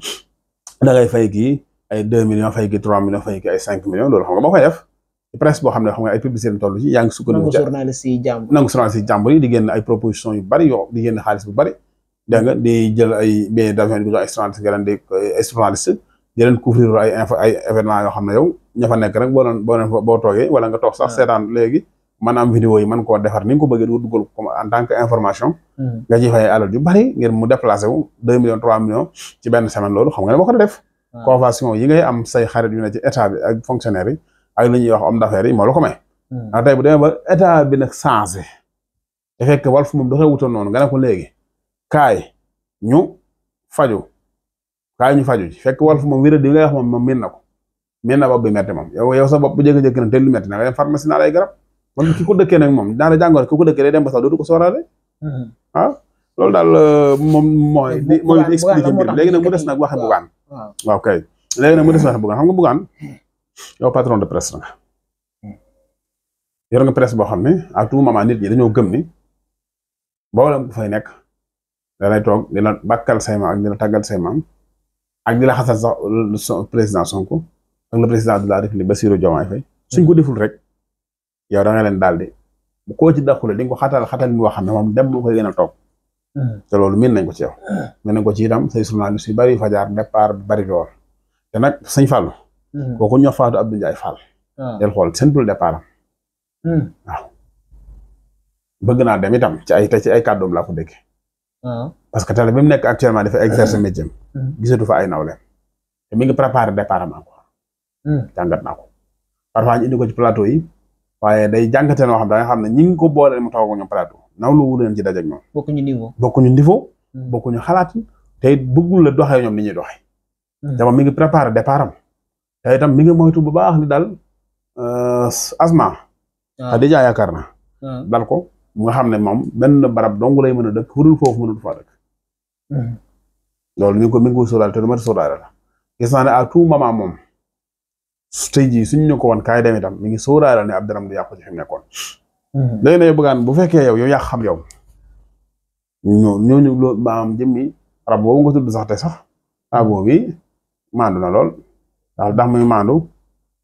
da ngay fay kii ay deux millions fay kii trois millions presse boo xam ne xam nga ay publicité toll ci yaa ngi sukkandiku ca nangu journaliste yi jàmbur nangu journaliste ay proposition bari yoo di génn xaalis bu bari dégg nga jël ay billet d'avion di ko jox ay couvrir ay événement yoo xam ne yow ña fa nekk rek boo doon boo doon boo toogee wala nga toog sax ah. seetaan léegi mën am vidéo yi mën koo defar ni nga ko bëggee du dugal comme en tant que information hmm. nga ciy fay alal yu bari ngir mu déplacé wu deux millions trois millions ci benn semaine loolu xam nga ne boo ko def ah. convention yi ngay am say xarit état bi ak fonctionnaire yi ak li ñuy wax om d'affaires yi moo la ko may. Hmm. ndax tey bu demee ba état bi nag changé. te fekk wal fu moom doxee wutoon noonu nga ne ko léegi kaay ñu faju kaay ñu faju ci wal fu moom wér di nga moom moom miin na ko miin na bi metti moom yow yow sa bopp bu jékki-jékki na teel lu na nga dem pharmacie naa lay garab man ki ko dëkkee nag moom daanaka jàngoro ki dem ba sax dootu ko sóoraale. Hmm. ah loolu daal euh, moom mooy. mooy expliqué mbir léegi nag mu des nag waxi bugaan. waaw kay léegi nag mu des waxi bugaan xam nga bugaan. Hmm. yow patron de presse nga yor nga presse boo xam ne à tout moment nit ñi dañoo gëm ni boolem ku fay nekk da lay toog di la bàkkal say maam ak di la tàggal say ak di la xasal sax président Sonko ak le président de la République Bassirou Diomaye Faye suñ ko deful rek yow da nga leen daal di bu koo ci dàqule di nga ko xatal xatal mi boo xam ne moom dem moo koy gën a toog. Hmm. te loolu miin nañ ko ci yow. Hmm. miin nañ ko ci itam say journaliste yu bari fa jaar départ bari lool te nag sëñ Fallou. Hmm. kooku ñoo faatu Abdou Ndiaye Fall. del ah. xool seentul départ am. Hmm. bëgg naa dem itam ci ay ci ay kàddoom laa ko déggee. Ah. parce que tale bi mu nekk actuellement dafa exercer hmm. métier gisatu fa ay nawle te mi ngi préparé départ am encore. jàngat naa ko parfois ñu ko ci plateau yi waaye day jàngatee noo xam da nga xam ne ñi ngi ko boole mu taxaw ko ñoom plateau nawlu wu leen ci dajeeg ñoom. bokkuñu niveau bokkuñu niveau. bokkuñu xalaat te it bëggul la doxee ñoom ni ñuy doxee. dama mi ngi préparé départ am yaay itam nga ngi moytu bu baax li daal euh, asma ah. Xadija yaakaar na ah. dal ko mu nga xam ne moom benn barab dong lay mën a dëkk fudul foofu mënul faa hmm. mi ngi ko mi ngi ko ma sóoraale la gis naa ne à tout moment moom tey jii suñ ñu ko woon kaay dem itam mi ngi sóoraale ne ab daram du yàqu ci fi mu nekkoon hmm. léegi nag bëggaan bu fekkee yow yow yaa xam yow ñoo ñooñu loolu maanaam jëmmi rab boobu nga tudd sax te sax rab boobu lool waaw lu muy maandu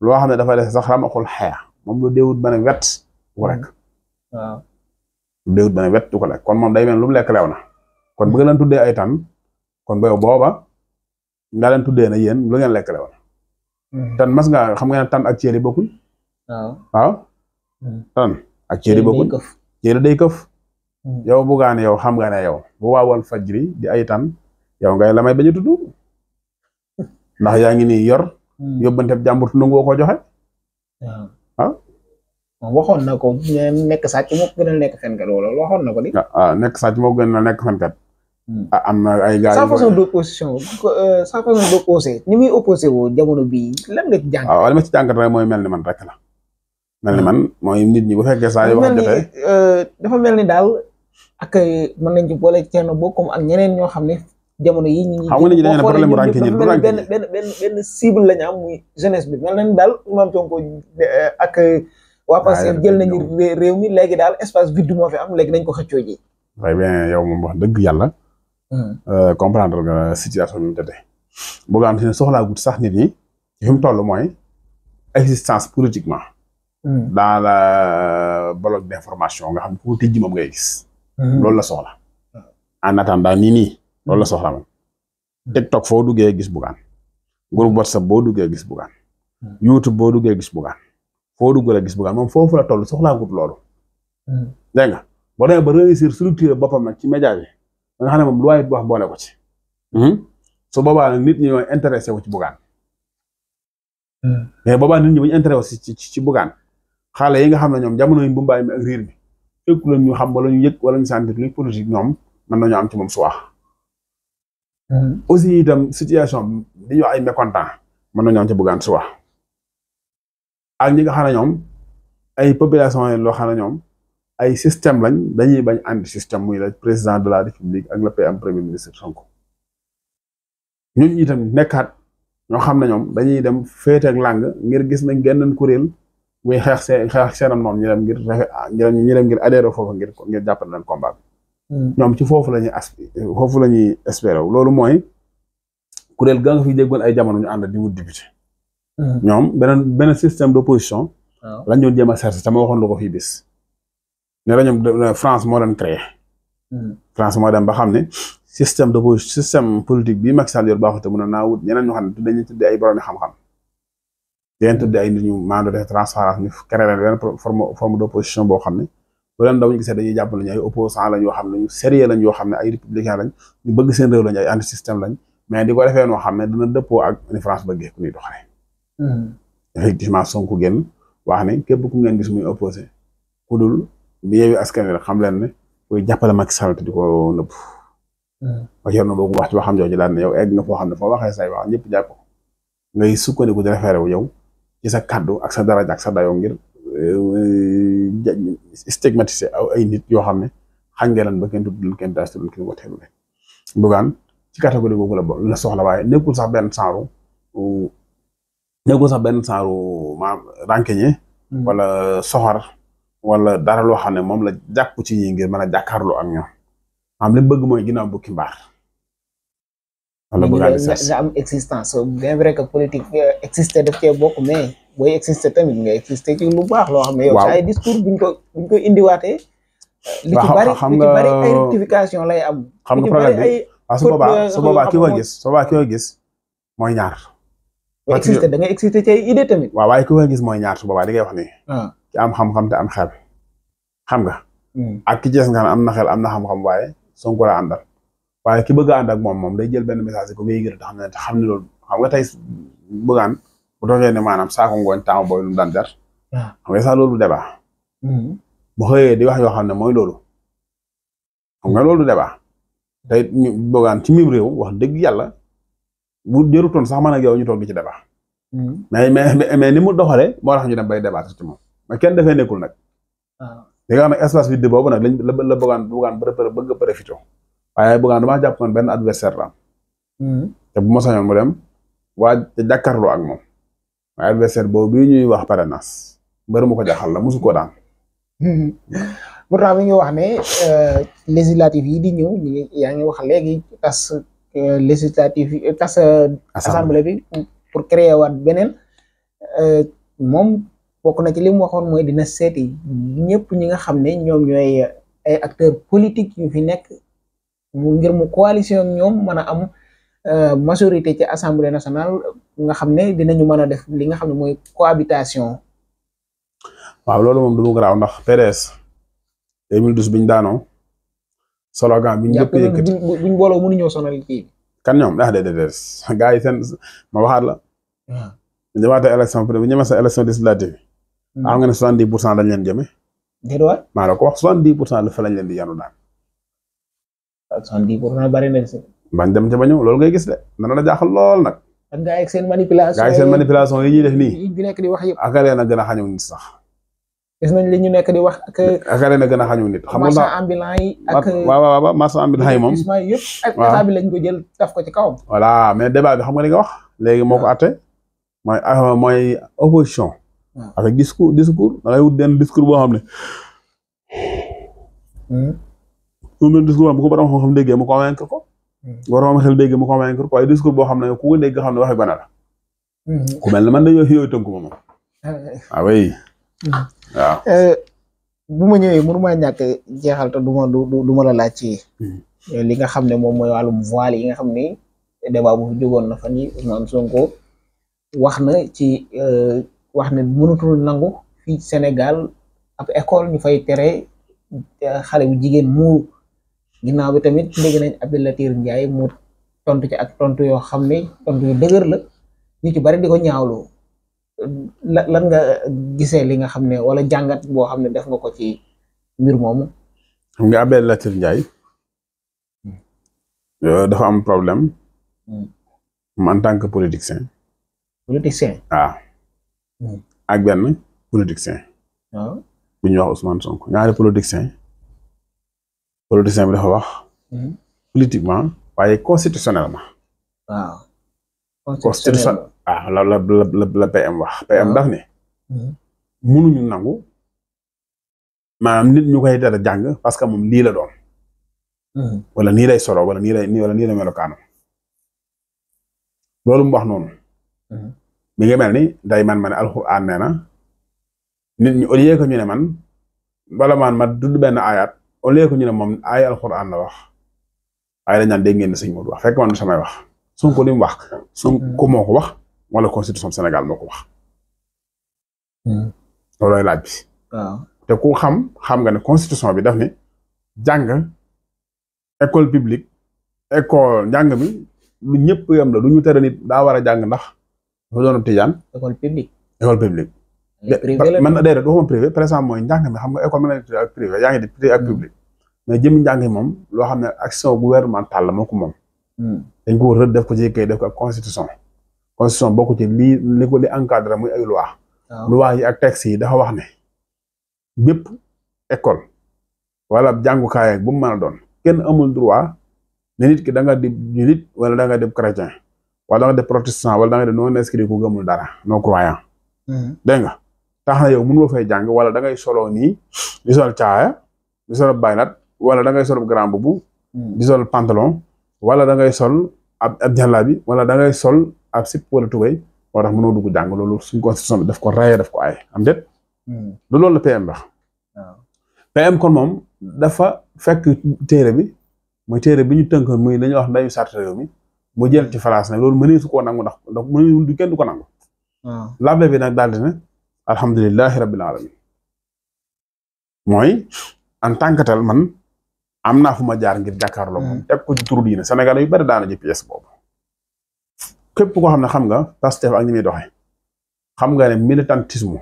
loo xam ne dafa des sax ramaxul xeex moom lu déewut ba wet du ko lekk. waaw lu déewut ba wet du ko lekk kon moom day men lu mu lekk leew na kon bëgg leen tuddee ay booba nga leen tuddee na yéen lu ngeen lekk leew na. Hmm. tan mas nga xam nga ne tan ak ceeli bokkuñ. waaw hmm. tan ak ceeli bokkuñ ceeli day këf. Hmm. yow bu gaan yow xam nga ne yow bu waawal fajri di ay tan yow ngay la may bañ a tudd ndax yaa ngi nii yor. Hmm. yóbbanteb jàmbur nangoo koo joxe. waaw ah. waxoon na ko nekk sàcc a nekk fenkat wala waxoon na ko di. ah, ah nekk sàcc moo gën na nekk fenkat. Hmm. Ah, am na ay gars yu. sa façon d'opposition euh, sa façon d'opposer ni muy opposé woo jamono bii lan nga ci jàngat. Ah, waaw li ma ci jàngat rek mooy mel ni man rek la. mel hmm. man mooy nit ñi bu fekkee saa yu wax jotee euh, dafa mel ni daal ak mën nañ ci boole ceen bokkum ak ñeneen ñoo xam ne jamono yi ñu ngi. la ñu am muy jeunesse bi mel nañ daal Ousmane Sonko eh, ak. Eh, waa Pastef jël nañu réew mi léegi daal espace vide moo fi am léegi nañ ko xëccoo ji. très bien yow moom dëgg yàlla. Hmm. Euh, comprendre nga situation bi mu tëddee. boo sax nit ñi fi mu toll mooy existence politiquement. Hmm. dans la euh, bloc d'information nga xam ne ku tijji moom gis. Hmm. loolu la soxla. en attendant nii nii. loolu la soxla moom TikTok foo duggee gis Bougane groupe WhatsApp boo duggee gis Bougane hmm. YouTube boo duggee gis Bougane foo duggee la gis Bougane moom foofu la toll soxlaa gut loolu hmm. dégg nga boo demee ba réussir structure boppam nag ci média yi da nga xam ne moom lu boole ko hmm? su boobaa nag nit ñi ñooy intéressé wu ci Bougane mais boobaa nit ñi bu ñu intéressé ci ci Bougane yi nga xam ne ñoom jamono yi bu mbaay mi ak riir mi la ñu xam wala ñu yëg wala ñu sentir lu politique ñoom mën nañoo am ci moom su wax Euh, aussi itam situation bi ñu wax ay mécontent mën na ñoom ci bëggaan si wax ak ñi nga xam ñoom ay population lañ loo xam ne ñoom ay système lañ dañuy bañ ànd système muy la président de la république ak la PM premier ministre Sonko ñun itam nekkaat ñoo xam ne ñoom dañuy dem féeteeg làng ngir gis nañ genn kuréel muy xeex seen xeex seenam noonu ñu dem ngir ah, ñu dem ngir adhéré foofu ngir ngir a leen combat Mm. ñoom ci foofu la ñuy as foofu la ñuy espérer wu loolu mooy kuréel ga nga fi déggoon ay jamono ñu ànd di wut député. Mm. ñoom beneen beneen système d'opposition. lañ doon jéem a chercher sama waxoon lu ko fii bis. ne la ñoom France moo leen créé. Mm. France moo dem ba xam ne système d'opposition système politique bii Macky Sall yor baaxut a mun a naa wut ñeneen ñoo xam ne dañuy tuddee ay borom xam-xam. dañuy tuddee ay nit ñu maandoo def transparence ñu créé leen benn forme boo xam ne. bu leen daw ñu gisee dañuy jàpp nañu ay opposant lañ yoo xam ne ñu sérieux yoo xam ne ay a lañ ñu bëgg seen réew lañ ay anti système lañ mais di ko defee noo xam ne dina dëppoo ak ni France bëggee ku ñuy doxalee. Hmm. effectivement Sonko génn wax ne képp ku ngeen gis muy opposé ku dul bi yeewi askan wi xam leen ne kuy jàppale Macky Sall di ko nëbb. Hmm. ba yor na doo ko wax ci waxam jooju daal ne yow egg nga foo xam ne foo waxee say wax ñëpp jàpp ko ngay sukkandiku di référé wu yow ci sa kaddu ak sa daraja ak sa dayoo ngir Eh, stigmatisé aw ay nit yoo xam ne xañ ba kenn tudd leen kenn daas tudd leen kenn woteelu leen Bougane ci catégorie boobu la la soxla waaye nekkul sax benn saaru nekkul sax benn saaru maam rànkeñe hmm. wala soxor wala dara loo xam ne moom la jàpp ci ñi ngir mën a jàkkaarloo ak ñoom maam li bëgg mooy ginnaaw bukki mbaar wala bëgg a nga am existence bien vrai que politique exister daf cee bokk mais booy exister tamit nga exister ci lu baax loo xam ne. yow ci ay discours buñ ko buñ ko indiwaatee. li ci bari li ci bari ay rectification lay am. xam nga problème bi waaw su su boobaa ki ko gis su boobaa ki ko gis mooy ñaar. parce que da ngay exister ci waaw waaye ki ko gis mooy ñaar su boobaa di ngay wax ni ah. am xam-xam te am xel xam nga. Hmm. ak ki jees nga am na xel am na xam-xam waaye Sonko la àndal. waaye ki bëgg a ànd moom moom day jël benn message ko wéy gën a xam ne xam ne loolu xam nga tey bëgg a bu ne maanaam saako ngooñ taamu booy lu mu daan jar. Ah. xam nga sax loolu hmm. xëyee di wax yoo xam ne mooy loolu. xam nga loolu du débat. tey ñu bëgg ci mim réew wax dëgg yàlla bu jërutoon sax man ak yow ñu toog di ci débat. Hmm. mais mais mais ni mu doxalee moo tax ñu dem bay débat ci moom mais kenn defee nekkul nag. waaw ah. li nga xam ne espace vide boobu nag lañ la bëgg a bëgg a bëgg a waaye Bougane damaa jàpp kon benn adversaire la am. Hmm. te waa te jàkkaarloo adversaire boobu bii ñuy wax parrainage mbër mu ko jaxal la mosu ko daan. Hmm. pourtant mi ngi wax ne euh, législative yi di ñëw yaa ngi wax léegi tas euh, législative yi tas. Euh, assemblée bi pour créer waat beneen moom bokk na ci li mu waxoon mooy dina seeti ñëpp ñi nga xam ne ñoom ñooy ay acteurs politiques yu fi nekk. mu ngir mu coalition ñoom mën am euh, majorité ci assemblée nationale nga xam ne dinañu mën a def li nga xam ne mooy cohabitation. waaw loolu moom du mu garaaw ndax PDS 2012 biñ daanoo. slogan biñ njëkk a yëkkati buñ booloo mënuñoo sonal kii. kan ñoom ah déedéet gars yi seen ma waxaat la. Ah. bu ñu demaatee élection bu ñu demee sa élection législative. Hmm. xam nga pour cent lañ leen jëmee. déedéet waay maa la pour cent la fa lañ leen di yanu daal. soixante-dix pour bari nañ si. bañ dem ca ba ñëw loolu ngay gis de dana la jaaxal lool nag. ak gaa seen manipulation gaa yi seen manipulation yi ñuy def nii. yi ñu nekk wax yëpp. akalee na gën a xañu nit sax. gis nañ li ñu nekk di wax ak. na gën a xañu nit. xam nga marchand ambulant yi ak. waaw waaw waaw marchand ambulant moom. yëpp ak état bi lañ ko jël taf ko ci kawam. voilà mais xam nga li nga wax. léegi moo ko àtte mooy ah, mooy opposition. avec discours discours da ngay wut benn discours boo xam ne. Hmm? mu mel discours bu ko mu convaincre ko hmm. borom xel déggee mu convaincre ko waaye discours boo xam ne ku ko dégg xam ne waxi gone hmm. ku mel man dañoo yooyu tënku ma moom eh. ah oui hmm. eh, ñàkk jeexal te du ma la laaj ci li nga xam ne moom mooy wàllum voile yi nga xam ne débat bu jógoon na fan yi Ousmane Sonko wax na ci euh, wax ne mënatul nangu fii Sénégal ab école ñu fay tere euh, xale bu jigéen mu ginnaaw bi tamit dégg nañ Abdou Latif mu tontu ci ak tontu yoo xam ne tontu yu dëgër la ñu ci bari di ko la lan nga gisee li nga xam ne wala jàngat boo xam ne def nga ko ci mbir moomu. xam nga Abdou Latif Ndiaye euh, dafa am problème man hmm. en tant que politicien. politicien waaw. Ah. Hmm. ak benn politicien. waaw ah. bu ñuy wax Ousmane Sonko ñaari politicien. politicien bi dafa wax. Hmm. politiquement waaye constitutionnellement. waaw constitutionnellement ah la la PM wax. PM ah. daf ne. mënuñu hmm. nangu maanaam nit ñu koy dara jàng parce que moom lii la doon. Hmm. wala nii lay solo wala nii lay nii wala nii la melokaanu. loolu mu wax noonu. mi ngi mel ni day man ma ne alxuraan nee na nit ñi au lieu que ñu man wala man ma dudd benn aayaat. au lieu que ñu ne moom ay alxuraan la wax ay la ñaan dégg ngeen ne sëñ Modou wax fekk man samay wax Sonko li mu wax Sonko mm-hmm. moo ko wax wala constitution Sénégal moo ko wax. Mm-hmm. loolooy laaj bi. te ku xam xam nga ne constitution bi daf ne jàng école publique école njàng mi lu ñëpp yam la du ñu tere nit daa war a jàng ndax lu doon tijaan. école publique école publique. man déedéet waxuma privé par exemple mooy njàng mi xam nga école mën na tuddee ak privé yaa ngi mais jëmi njàng mi moom loo xam ne action gouvernementale la moo ko moom hmm. dañ ko war a def ko ci kay def ko ak constitution constitution bokk ci lii li ko li encadré muy ay loi ah. loi yi ak texte yi dafa wax ne bépp école wala jàngukaay bu mu mën a doon kenn amul droit ne nit ki da nga di julit wala da nga di chrétien wala da nga di protestant wala da nga di non inscrit ku gëmul dara non croyant hmm. dégg nga tax na yow mënuloo fay jàng wala da ngay soloo nii di sol caaya di sol baylat wala da ngay sol grand boubou di sol pantalon wala da ngay sol ab ab jàllaabi wala da sol ab sip wala tubéy moo tax mënoo dugg jàng loolu suñ constitution bi daf ko raye def ko aaye am déet hmm. du loolu la PM wax PM kon moom dafa fekk téere bi mooy téere bi ñu tënk muy dañuy wax ndayu sart réew mi mu jël ci France nag loolu mënee su nangu ndax ndax mënee du kenn du alhamdulilahi rabbil alamin mooy en tant que man am naa fu ma jaar ngir jàkkaarloo moom mm. teg ko ci turu diine Sénégal yu bari daana ji pièce boobu képp koo xam ne xam nga Pastef ak ni muy doxe xam nga ne militantisme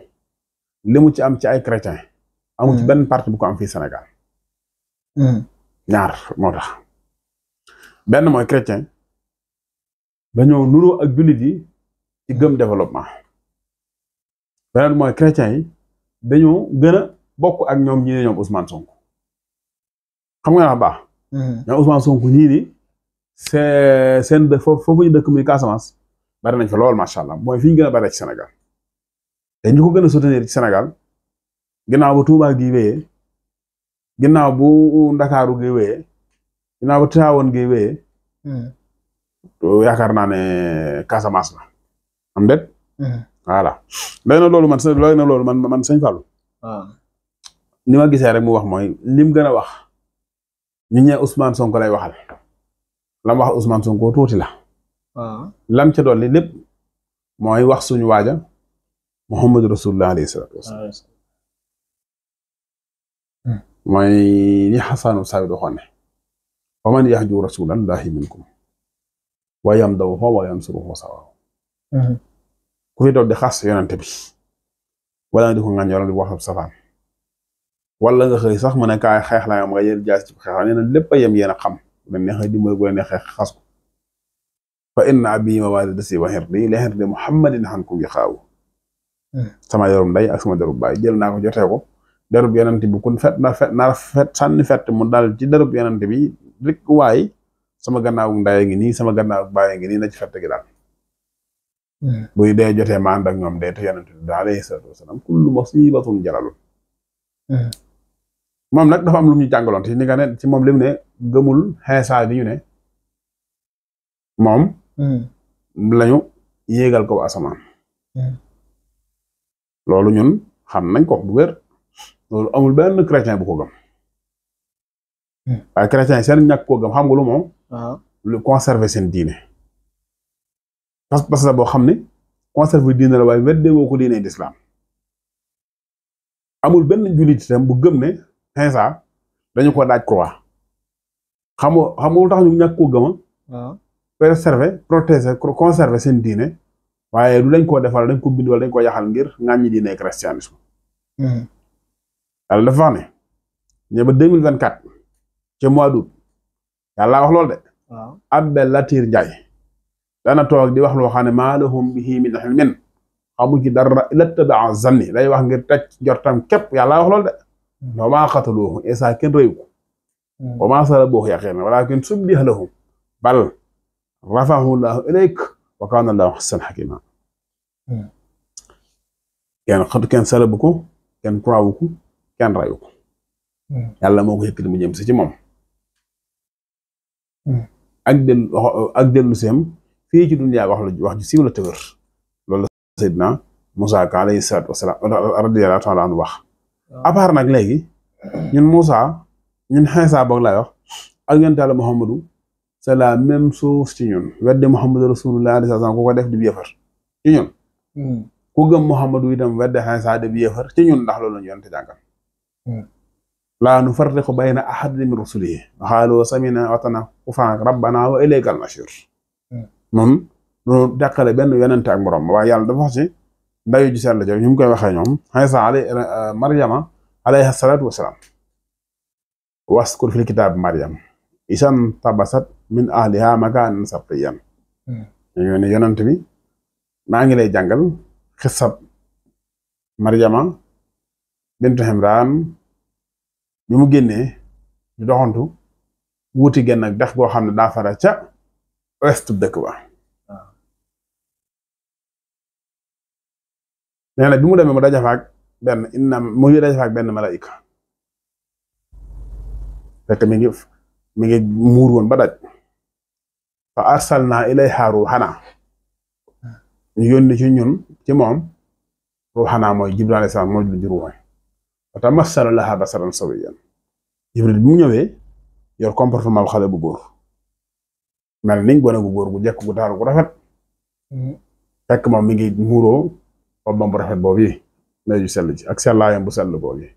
li mu ci am ci ay chrétien amu ci mm. benn parti bu ko am fii Sénégal mm. ñaar moo tax benn mooy chrétien dañoo nuroo ak jullit yi ci gëm développement beneen mooy chrétiens yi dañoo gën bokk ak ñoom ñi ne ñoom Ousmane Sonko xam nga wax baax. ñoom hmm. Ousmane Sonko ñii nii seen dë foofu ñu dëkk muy Casamance bari nañ fa lool macha allah mooy fi ñu gën a bare ci Sénégal te ñu ko gën a soutenir ci Sénégal ginnaaw ba Touba gi wéyee ginnaaw bu Ndakaaru gi wéyee ginnaaw ba Tivaouane gi wéyee. Hmm. yaakaar naa ne Casamance la am voilà doy na loolu man sa doy na loolu man man sëñ Fallou. Ah. ni ma gisee rek mu wax mooy lim gën a wax ñu ñee Ousmane Sonko lay waxal lam wax Ousmane Sonko tuuti la. Ah. lam ca dolli lépp mooy wax suñu waaja Muhammadu Rasulullah alayhi salaatu wasalaam hmm. mooy ni Xasaanu Saabit waxoon ne wa man yaxju rasulallahi minkum wa yamdahu wa yansuruhu ku fi toog di xas yonent bi wala nga di ko wala nga xëy sax mu ne kaay xeex laa am nga jël jaas ci xeex nee na lépp a yem yéen a xam bu la neexee dimbali bu la neexee xas ko fa inna abiy ma waale dasi wa xirdi li xirdi muhammadin xankum yi xaawu hmm. sama yorum nday ak sama derub baay jël naa ko jotee ko derub yonent bi kun fet na fet naa fet sànni mu dal ci derub yonent bi rek waay sama gannaaw nday ngi nii sama gannaaw baay ngi nii na ci gi daal Hmm. buy dee jotee ma ànd ak ñoom dee te yonent bi alayhi salaatu wasalaam kullu musibatun jalalun hmm. moom nag dafa am lu ñu jàngaloon te ni nga ne ci moom li mu ne gëmul xeesaa bi ñu ne moom hmm. lañu yéegal ko asamaan loolu ñun xam nañ ko bu wér loolu amul benn chrétien bu ko gëm waaye chrétien seen ñàkk koo xam nga lu moom ah. lu conserver seen diine pas-pas la boo xam ne conserve diine la waaye weddee woo ko diine lislaam amul benn jullit itam bu gëm ne Iisaa dañu ko daaj ko xam nga xam nga lu tax ñu ñàkk koo gëma préserver protéger seen diine waaye du lañ koo defal dañ ko bind wala dañ ko yaxal ngir ŋàññi diine christianisme hmm. yàlla dafa wax ne ñe ba deux mille vingt quatre ci mois d'août yàlla wax loolu de Abbé Latyr Ndiaye dana toog di wax loo xam ne maa lahum bihi min ilmin xamu ci dara illa tabaa zanni day wax ngir teg jortam képp yàlla wax loolu de hmm. wa maa xataluuhu Isa kenn rëyu ko hmm. wa maa salabuuhu yaqiinan walaakin subbiha lahum bal rafahu wa kaana llahu xasan xakima hmm. kenn xatu kenn salabu ko kenn kuraawu ko kenn rayu si ci moom ak dellu seem fii ci dunyaa wax la wax ju siiw la te wér loolu la Seydina Moussa Ka alayhi salaatu wasalaam radiyallaahu taala anhu wax à part nag léegi ñun Moussa ñun Iisaa boog laay wax ak yonent Yàlla Muhammadu c'est la même ci ñun weddi Muhammadu rasulullah alayhi salaam ku ko def di yéefar ci ñun hmm. ku gëm Muhammadu itam weddi Iisaa di yéefar ci ñun ndax loolu la ñu yonent jàngal hmm. laa nufarriqu bayna ahadin wa qaalu sami'naa wa ata'naa ghufaanaka moom du jàqale benn yonente ak borom waaye yàlla dafa wax ci ndayu ji sell ja ñu ngi koy waxee ñoom Iisaa ale eh, Maryama alayhi salaatu wasalaam waskur fil kitaab Maryam isan tabasat min ahliha makaanan sharqiyyan hmm. ñoo ne yonent bi maa ngi lay jàngal xisab Maryama bintu Imraan bi mu génnee di doxantu wuuti genn ak dex goo xam ne daa ca ouest dëkk ba ah. nee na bi mu demee mu daje fa benn inna mu ngi daje fa benn malaika fekk mi ngi mi ngi muur woon ba daj fa arsalna ilayha ruuxana ñu yónni ci ñun ci moom ruuxana mooy Jibril alayhi salaam moo jul ji ruuxe fa tamassala laha basaran sawiyan Jibril bi mu ñëwee yor comportement bu xale bu góor mel niñ gone gu góor gu jekk gu taaru bu rafet mm. fekk moom mi ngi muuroo boppam bu rafet boobu yi nay ju ci ak sellaayam bu sell boobu yi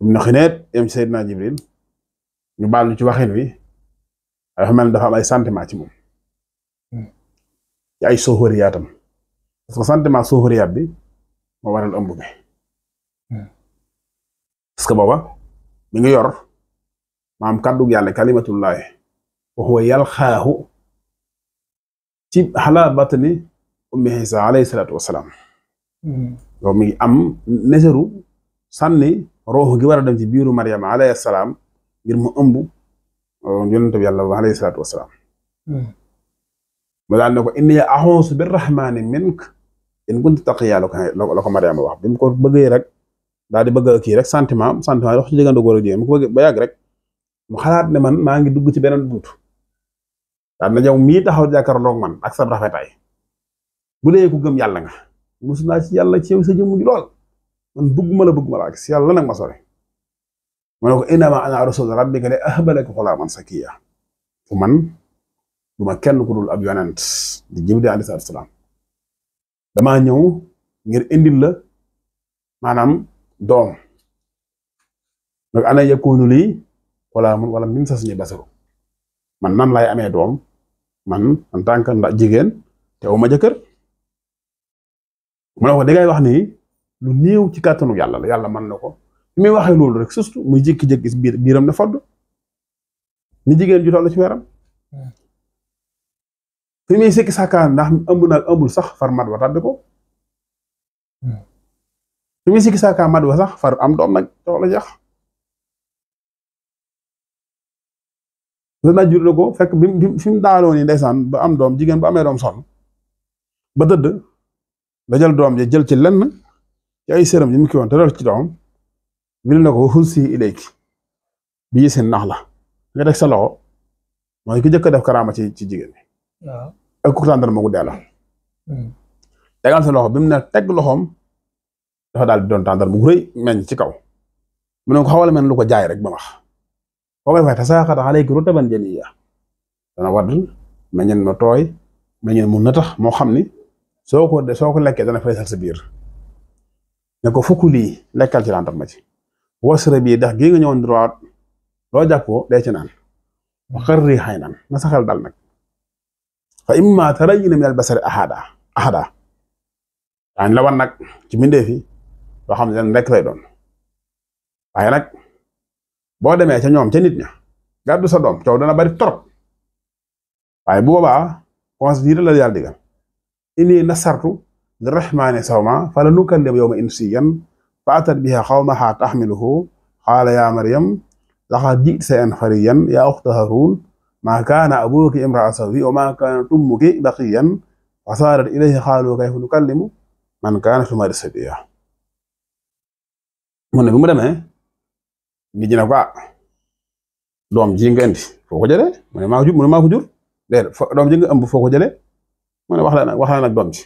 um na xineet yam ci Seydina Jibril ñu baal ñu ci waxin wi dafa mel ni dafa am ay sentiment ci moom mm. ci ay soxoriyaatam parce que sentiment soxoriyaat bi moo waral ëmb bi parce que booba mi ngi yor maam kàddu yàlla kalimatullaahi wa huwa yalxaahu ci xalaa batani ummi Isa alayhi salaatu wasalaam hmm. yow mi ngi am neseru sànni roox gi wara a dem ci biiru Maryam alayhi salaam ngir mu ëmb uh, yonent bi yàlla alayhi salaatu wasalaam hmm. mu daal ne ko a axuusu bi rahmaani mink in kunta taqiya la ko la ko Maryam wax bi mu ko bëggee rek daal di bëgg a kii rek sentiment sentiment wax ci diggante góor ak jigéen mu ko ba yàgg rek mu xalaat ne man maa ngi dugg ci beneen buut daal na yow mii taxaw jàkkaarloog man ak sa rafetaay bu dee ku gëm yàlla nga mos naa ci yàlla ci sa jëmm ji lool man bëgg ma la bëgg ma la ak si yàlla nag ma sore ko innama ana rasul rabbika li ahaba laka xulaaman sakiya man du ma kenn ku dul ab yonent di jibril alayhi damaa ñëw ngir indil la maanaam doom nag ana lii xulaamun wala min sa suñu basaru man nan laay amee doom man en tant que ndax jigéen teewu ma jëkkër mu ne ko dangay wax ni lu néew ci kàttanu yàlla la yàlla mën na ko fi muy waxee loolu rek surtout muy jékki-jékki biir biiram ne fodd ni jigéen ju toll ci weeram fi muy sekki sàkkaa ndax ëmb nag ëmbul sax far mat wa tàbbi ko hmm. fi muy sekki sàkkaa mad wa sax far am doom nag toog la jeex zina jur na ko fekk bi mu fi mu daanoo nii ndeysaan ba am doom jigéen ba amee doom sonn ba tëdd da jël doom ja jël ci lenn ci ay séram yi mu ki woon tëral ci doom wil na ko xulsi ilayki bi yisin nax la nga teg sa loxo mooy ki jëkk def karaama ci ci jigéen bi ak ku tàndar moo ko delloo hmm. sa loxo bi mu ne teg loxoom dafa daal di doon tàndar bu rëy meññ ci kaw mu ne ko xawal mel lu ko jaay rek ba wax kooku dafay tasaaxat alayka rutaban janiya dana wadd meññeen ma tooy meññeen mu natax moo xam ni soo ko de soo ko lekkee dana feesal sa biir ne ko fukk lii lekkal ci lantar ma ci wasra bii ndax gii nga ñëwoon droit loo jàppoo dee ci naan waxar rii xay naan na saxal dal nag fa imma tarayna min al basari ahada ahada daañ la nag ci mbindee fi loo xam ne ren rek lay doon waaye nag boo demee ca ñoom ca nit ña gàddu sa doom coow dana bari trop waaye bu boobaa considéré la yàlla digal inni nasartu lirrahmaani sawma fala nukallim yawma insiyan faatat biha xawmaha taxmiluhu qaala yaa maryam laqad ji'ti shay'an fariyan yaa uxta haaruun maa kaana abuuki imraa sawi wa maa kaanat ummuki baqiyan fa saarat ilayhi qaaluu kayfa nukallimu man kaana fi l-mahdi sabiyya mu demee nit ñi ne ko ah doom ji nga indi foo ko jëlee mu maa ko jur mu ko jur fo doom ji nga ëmb foo ko jëlee mu wax la wax la nag doom ji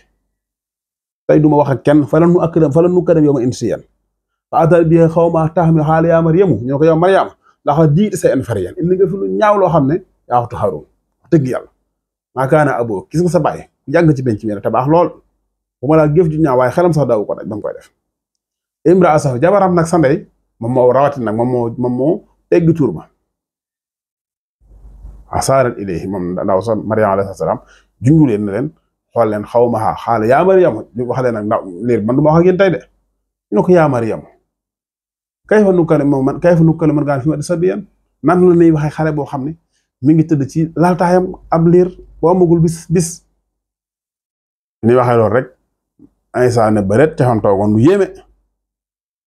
tey du ma wax ak kenn fa la nu ak fa la nu këram yow ma indi si yéen fa atal bi xaw ma tax mi xaal yaa Maryam ñu ne ko yow ndax di sa infariyan indi ñaaw loo xam ne yaa waxtu Haarun wax dëgg yàlla maa kaana aboo gis nga sa baay jàng ci benn ci biir a baax lool bu ma laa jëf ju ñaaw waaye xelam sax daawu ko daj ba koy def imra asaf jabaram nag sa moom moo rawatina nag moo moom moo ma tur ba asaarat ilayhi moom ndaw sa Mariam alayhi salaam junju leen ne leen xool leen xaw ma xaa xaala yaa Mariam wax leen nag ndaw liir man du ma wax ak man kayfa nukallimu man kaana nan la ñuy waxee xale boo xam ne mi ngi tëdd ci laltaayam ab liir boo amagul bis bis ni waxee loolu rek Aysa ne bëreet te xam toogoon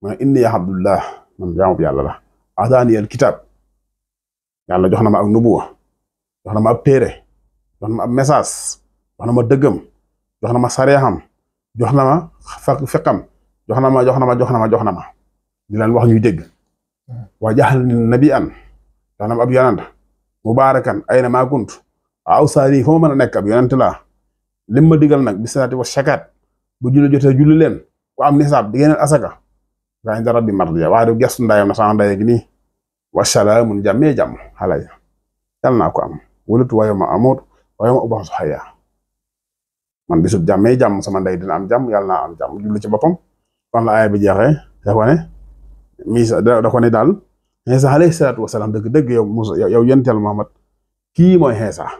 ma inni ya abdullah man jaamub yàlla la adaani al kitaab jox na ma ak nubuwa jox ma ab téere jox na ma ab message jox ma dëggam jox na ma sareexam jox na ma fekkam jox na ma jox na ma jox na ma jox na ma di leen wax ñu dégg waa jaxal ni nabi an jox na ma ab yonent mubaarakan ayna maa kunt aw saari fa ma mën a nekk ab yonent laa lim ma diggal nag bi salaati wa bu julli jotee julli leen ku am nisaab di génneel asaka daa indi rabbi mardiya waaye du gestu ndayam na sama ndaye gi nii wasalaamun jàmmee jàmm alayya yal am wulatu waaye ma amoot waaye ma ubaxu xaya man bisub jàmmee jàmm sama nday dina am jàmm yàlla naa am jàmm jublu ci boppam fan la aaya bi jeexee da ko ne misa da ko ne daal Iisaa alayhi salaatu wasalaam dëgg dëgg yow Muusa yow yentel Muhammad kii mooy Iisaa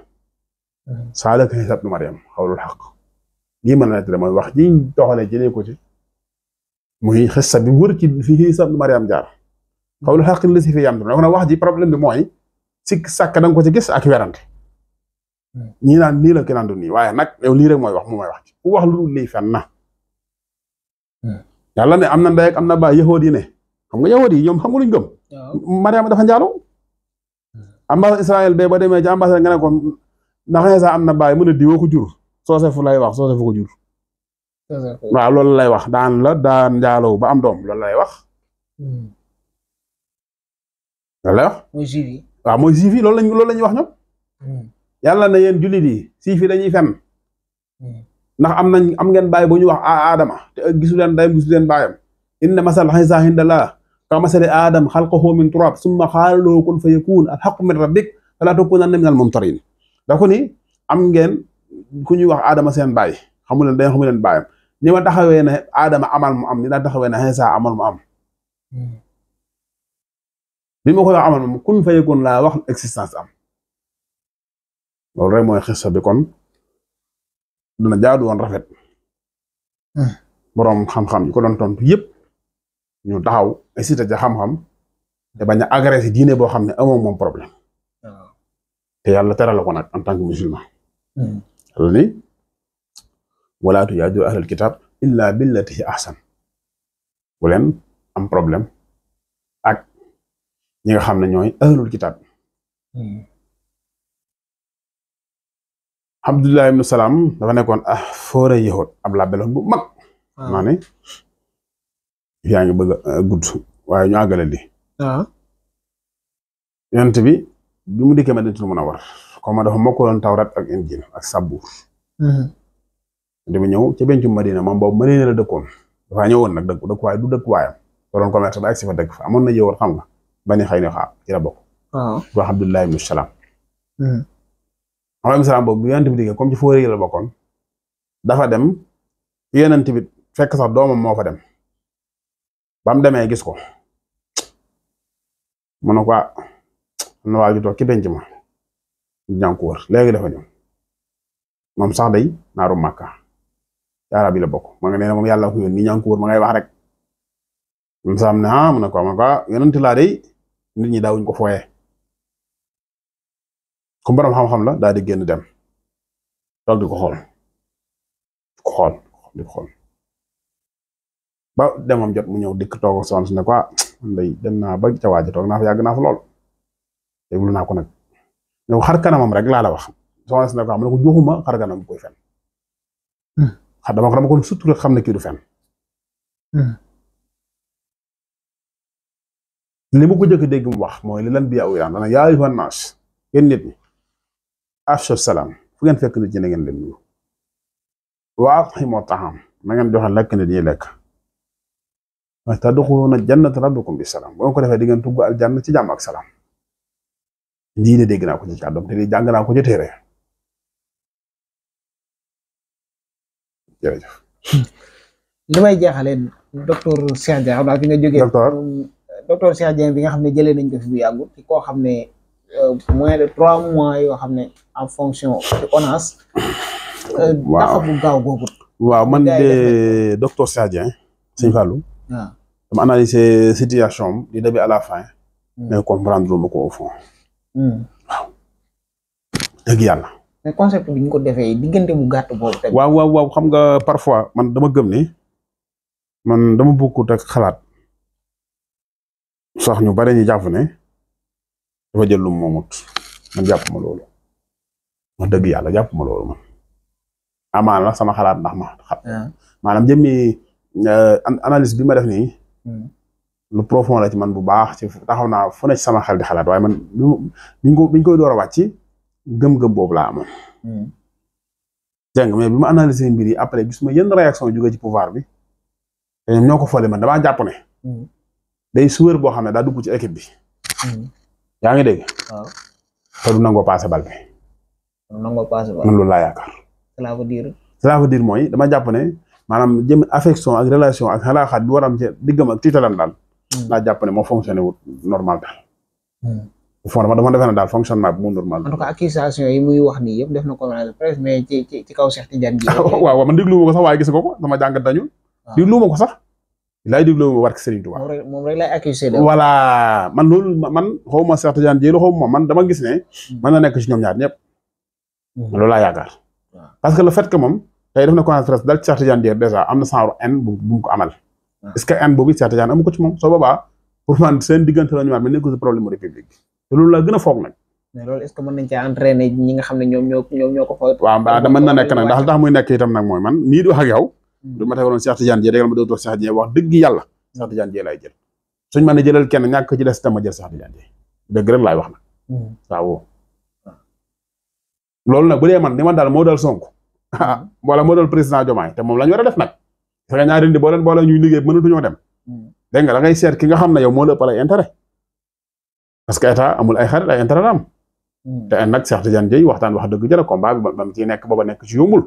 mm-hmm. saalak Iisaa ibnu Maryam xawlul xaq lii mën na mooy wax ji doxalee jëlee ko ci muy xissa bi wër ci fi Iisaa ibnu Maryam jaar xawlu xaqi la si fi yam dona wax ji problème bi mooy sikk sàkk da ko ci gis ak werante ñi naan nii la ki naan du nii waaye nag yow lii rek mooy wax mu mooy wax ci wax lu lii fen na yàlla ne am na ndey ak am na baay yahood yi ne xam nga yahood yi ñoom xam nga luñ gëm Maryam dafa njaalo ambassade Israël ba ba demee ci ambassade nga ne ko ndax Iisaa am na baay mën a diwoo ko jur soose fu lay wax soose fu waaw loolu lay wax daan la daan njaaloo ba am doom loolu lay wax. Hmm. loolu lay wax. mooy juif lañ loolu la ñuy wax ñoom. Hmm. yàlla na yen jullit yi juif yi dañuy fen hmm. ndax am nañ am ngeen baay bu ñu wax a aadama te gisu leen dayam gisu leen baayam inna masal Iisaa inda Allaah ka masali aadam xalqahu min turaab summa qaala lahu kun fa yakun alxaqu min rabbik falaa takuunanna minal mom da ko ni am ngeen ku ñuy wax aadama seen baay xamu leen dayam xamu baayam ni ma taxawee ne aadama amal mu am ni laa taxawee ne xeesa amal mo am hmm. bi ma koy wax amal mu kun fayekoon laa wax existence am loolu rek mooy xissa bi kon dina jaadu woon rafet hmm. boroom xam-xam yi ko doon tontu yëpp ñu taxaw incité ca xam-xam te bañ a agressé diine boo xam ne amoo moom problème hmm. te yàlla teral ko nag en tant que musulman. wala tujaadilu ahlal kitaab illaa billati hi ahsan am problème ak ñi nga xam ne ñooy ahlul kitaab hmm. Abdullah ibnu Salaam dafa nekkoon ah foore yahud ab làbbeloon bu mag ah. maa ne yaa ngi bëgg a ah, gudd waaye ñu àggale li ah. yonent bi bi mu dikkee war Munawwar comme dafa mokkaloon tawrat ak injil ak sabuur hmm. dama ñëw ca bencum Madina moom boobu Madina la dëkkoon dafaa ñëwoon nag dëkk dëkkuwaay du dëkkuwaayam doon commerce ba ak si fa dëkk fa amoon na yëwoon xam nga bani xëy na xaar ci la bokk. waaw wax Abdullah ibn Salam. alayhi dem yonent fekk sax doomam moo fa dem demee gis ko mu ah, ci benc ma ñaa ko wër léegi moom sax day naaru Màkka. ci arab yi la bokk ma nga nee na moom yàlla ko yoon nii ñaa ngi ko wër ma rek m saam ne a ah, mu ne ko ma ko ah, yonent laa day nit ñi daawuñ ko fooyee ku borom xam-xam la daal di génn dem toog di ko xool ko xool di xool ba demam jot mu ñëw dikk toog soxna si ne ko ah nday dem naa ba ca waaja toog naa fa yàgg naa fa lool déglu naa ko nag ñëw xar kanamam rek laa la wax soxna si ne ko ah mu ne ko joxuma xar kanam koy fen hmm. xam ah, dama ko dama ko sutura xam ne kii du fen hmm. li ma ko jëkk dégg wax mooy li lan bi aw yaan dana yaa ayyuhan naas yéen nit ñi afshu salaam fu ngeen fekk nit ñi na ngeen leen nuyu wa at'imu ta'am na ngeen joxe lekk nit ñi lekk tadxuluuna jannata rabbikum bi salaam boo ko defee di ngeen tugg aljanna ci jàmm ak salaam lii de dégg naa ko ci kàddoom te lii jàng naa ko ci jërëjëf. may jeexalee docteur Cheikh Dieng xam naa fi nga jógee. docteur bi nga xam ne jëlee nañ ko fi bu yàggul ci koo xam ne euh, moins de trois mois yoo xam ne en fonction ci ONAS. Euh, waaw dafa bu gaaw googu. waaw man de docteur Cheikh Dieng. sëñ Fallou. waaw dama analyser situation am du début à la fin. Hmm. mais comprendre lu ma ko au fond. Hmm. yàlla. mais concept bi ñu ko defee diggante bu gàtt boobu. tamit waaw waaw xam nga parfois man dama gëm ne man dama bokkut ak xalaat sax ñu bare ñu jàpp ne dafa jël lu moomut man jàpp ma loolu man dëgg yàlla jàpp ma loolu man amaan la sama xalaat ndax ma xam. maanaam jëmmi euh, analyse bi ma def nii. Hmm. lu profond la ci man bu baax ci taxaw naa fu ne sama xel di xalaat waaye man bi ñu ko bi door a wàcc. gëm-gëm boobu laa amoon. Hmm. dégg nga mais bi ma analysé mbir yi après gis ma yenn réaction jóge ci pouvoir bi te ñoom ñoo ko foole man damaa jàpp hmm. day suwéer boo xam ne daa dugg ci équipe bi. Hmm. ngi dégg. waaw te du nangoo paase bal bi. laa yaakaar. cela veut mooy dama jàpp ne maanaam jëm affection ak relation ak xalaaxaat bi waram ci daal. laa jàpp ne moo fonctionné wut normal daal. fond dama fonctionnement mu normal. en tout accusation muy wax nii def na ko presque mais ci ci ci kaw Cheikh Tidiane ji. waaw waaw man ko sax waaye gis nga ko sama jàngat ah. ko sax. laay dégluwuma war ak Serigne Touba. moom rek man loolu man xaw ma Cheikh Tidiane ji la man dama gis ne. man hmm. na nekk ci ñoom ñaar ñëpp. Hmm. loolu laa yaakaar. Ah. parce que le fait que moom tey def na conférence dal ci Cheikh Tidiane ji dèjà am na genre haine bu bu ko amal. Ah. est ce que haine boobu Cheikh Tidiane amu ko ci moom soo boobaa pour man seen diggante la ñu war mais nekkul ci république te loolu laa gën a foog nag. mais loolu est ce que mën nañ ne ñoo ñoom ñoo ko foog. waaw mbaa da mën na nekk nag ndax tax muy nekk itam nag mooy man nii di wax ak yow. Hmm. jël suñ a jëlal kenn ñàkk ci des itam ma jël Cheikh Tidiane Dieye laay wax nag. Hmm. waaw loolu nag bu dee man ni man daal moo dal Sonko wala moo dal président Diomaye te moom la ñu war a def nag fexe ñaari nit boo leen boole ñuy liggéey mënatuñoo dem hmm. dégg nga da seet ki nga xam ne yow moo la ëppal ay parce que a amul ay xarit ay intérêt am. Hmm. te nag Cheikh Tidiane Dieye waxtaan wax dëgg jara combat bi ba mu ciy nekk booba nekk ci yombul.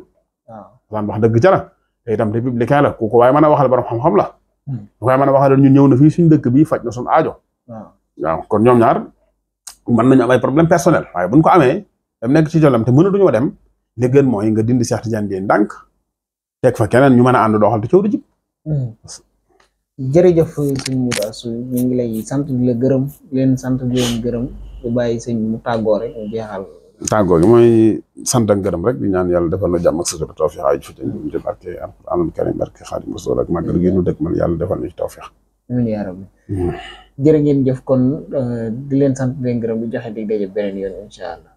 Ah. waxtaan wax dëgg jara te itam républicain la ku ko waaye mën a waxal borom xam-xam la. Hmm. ku waaye mën a waxal ñun ñëw na fii suñu dëkk bi na suñu aajo. Ah. waaw kon ñoom ñaar mën nañu am problème personnel waaye buñ ko amee dem nekk ci jolam te mënatuñoo dem li gën mooy nga dindi Cheikh Tidiane Dieye ndànk teg fa keneen ñu mën a ànd doxal te coow di jib hmm. jërëjëf sëñ Mourassou ñu ngi lay sant di la gërëm leen sant di leen gërëm di bàyyi sëñ mu tàggoo rek mu jeexal. tàggoo gi mooy sant ak gërëm rek di ñaan yàlla defal na jàmm ak sutura tawfeex ay fi ñu ci barke alxuraanul karim barke Xaadimu Rasuul ak màggal gi ñu dëkk man yàlla defal na ci tawfeex. amiin yaa rabbi. Hmm. jërë ngeen jëf kon di leen sant di leen gërëm di di daje beneen yoon incha allah.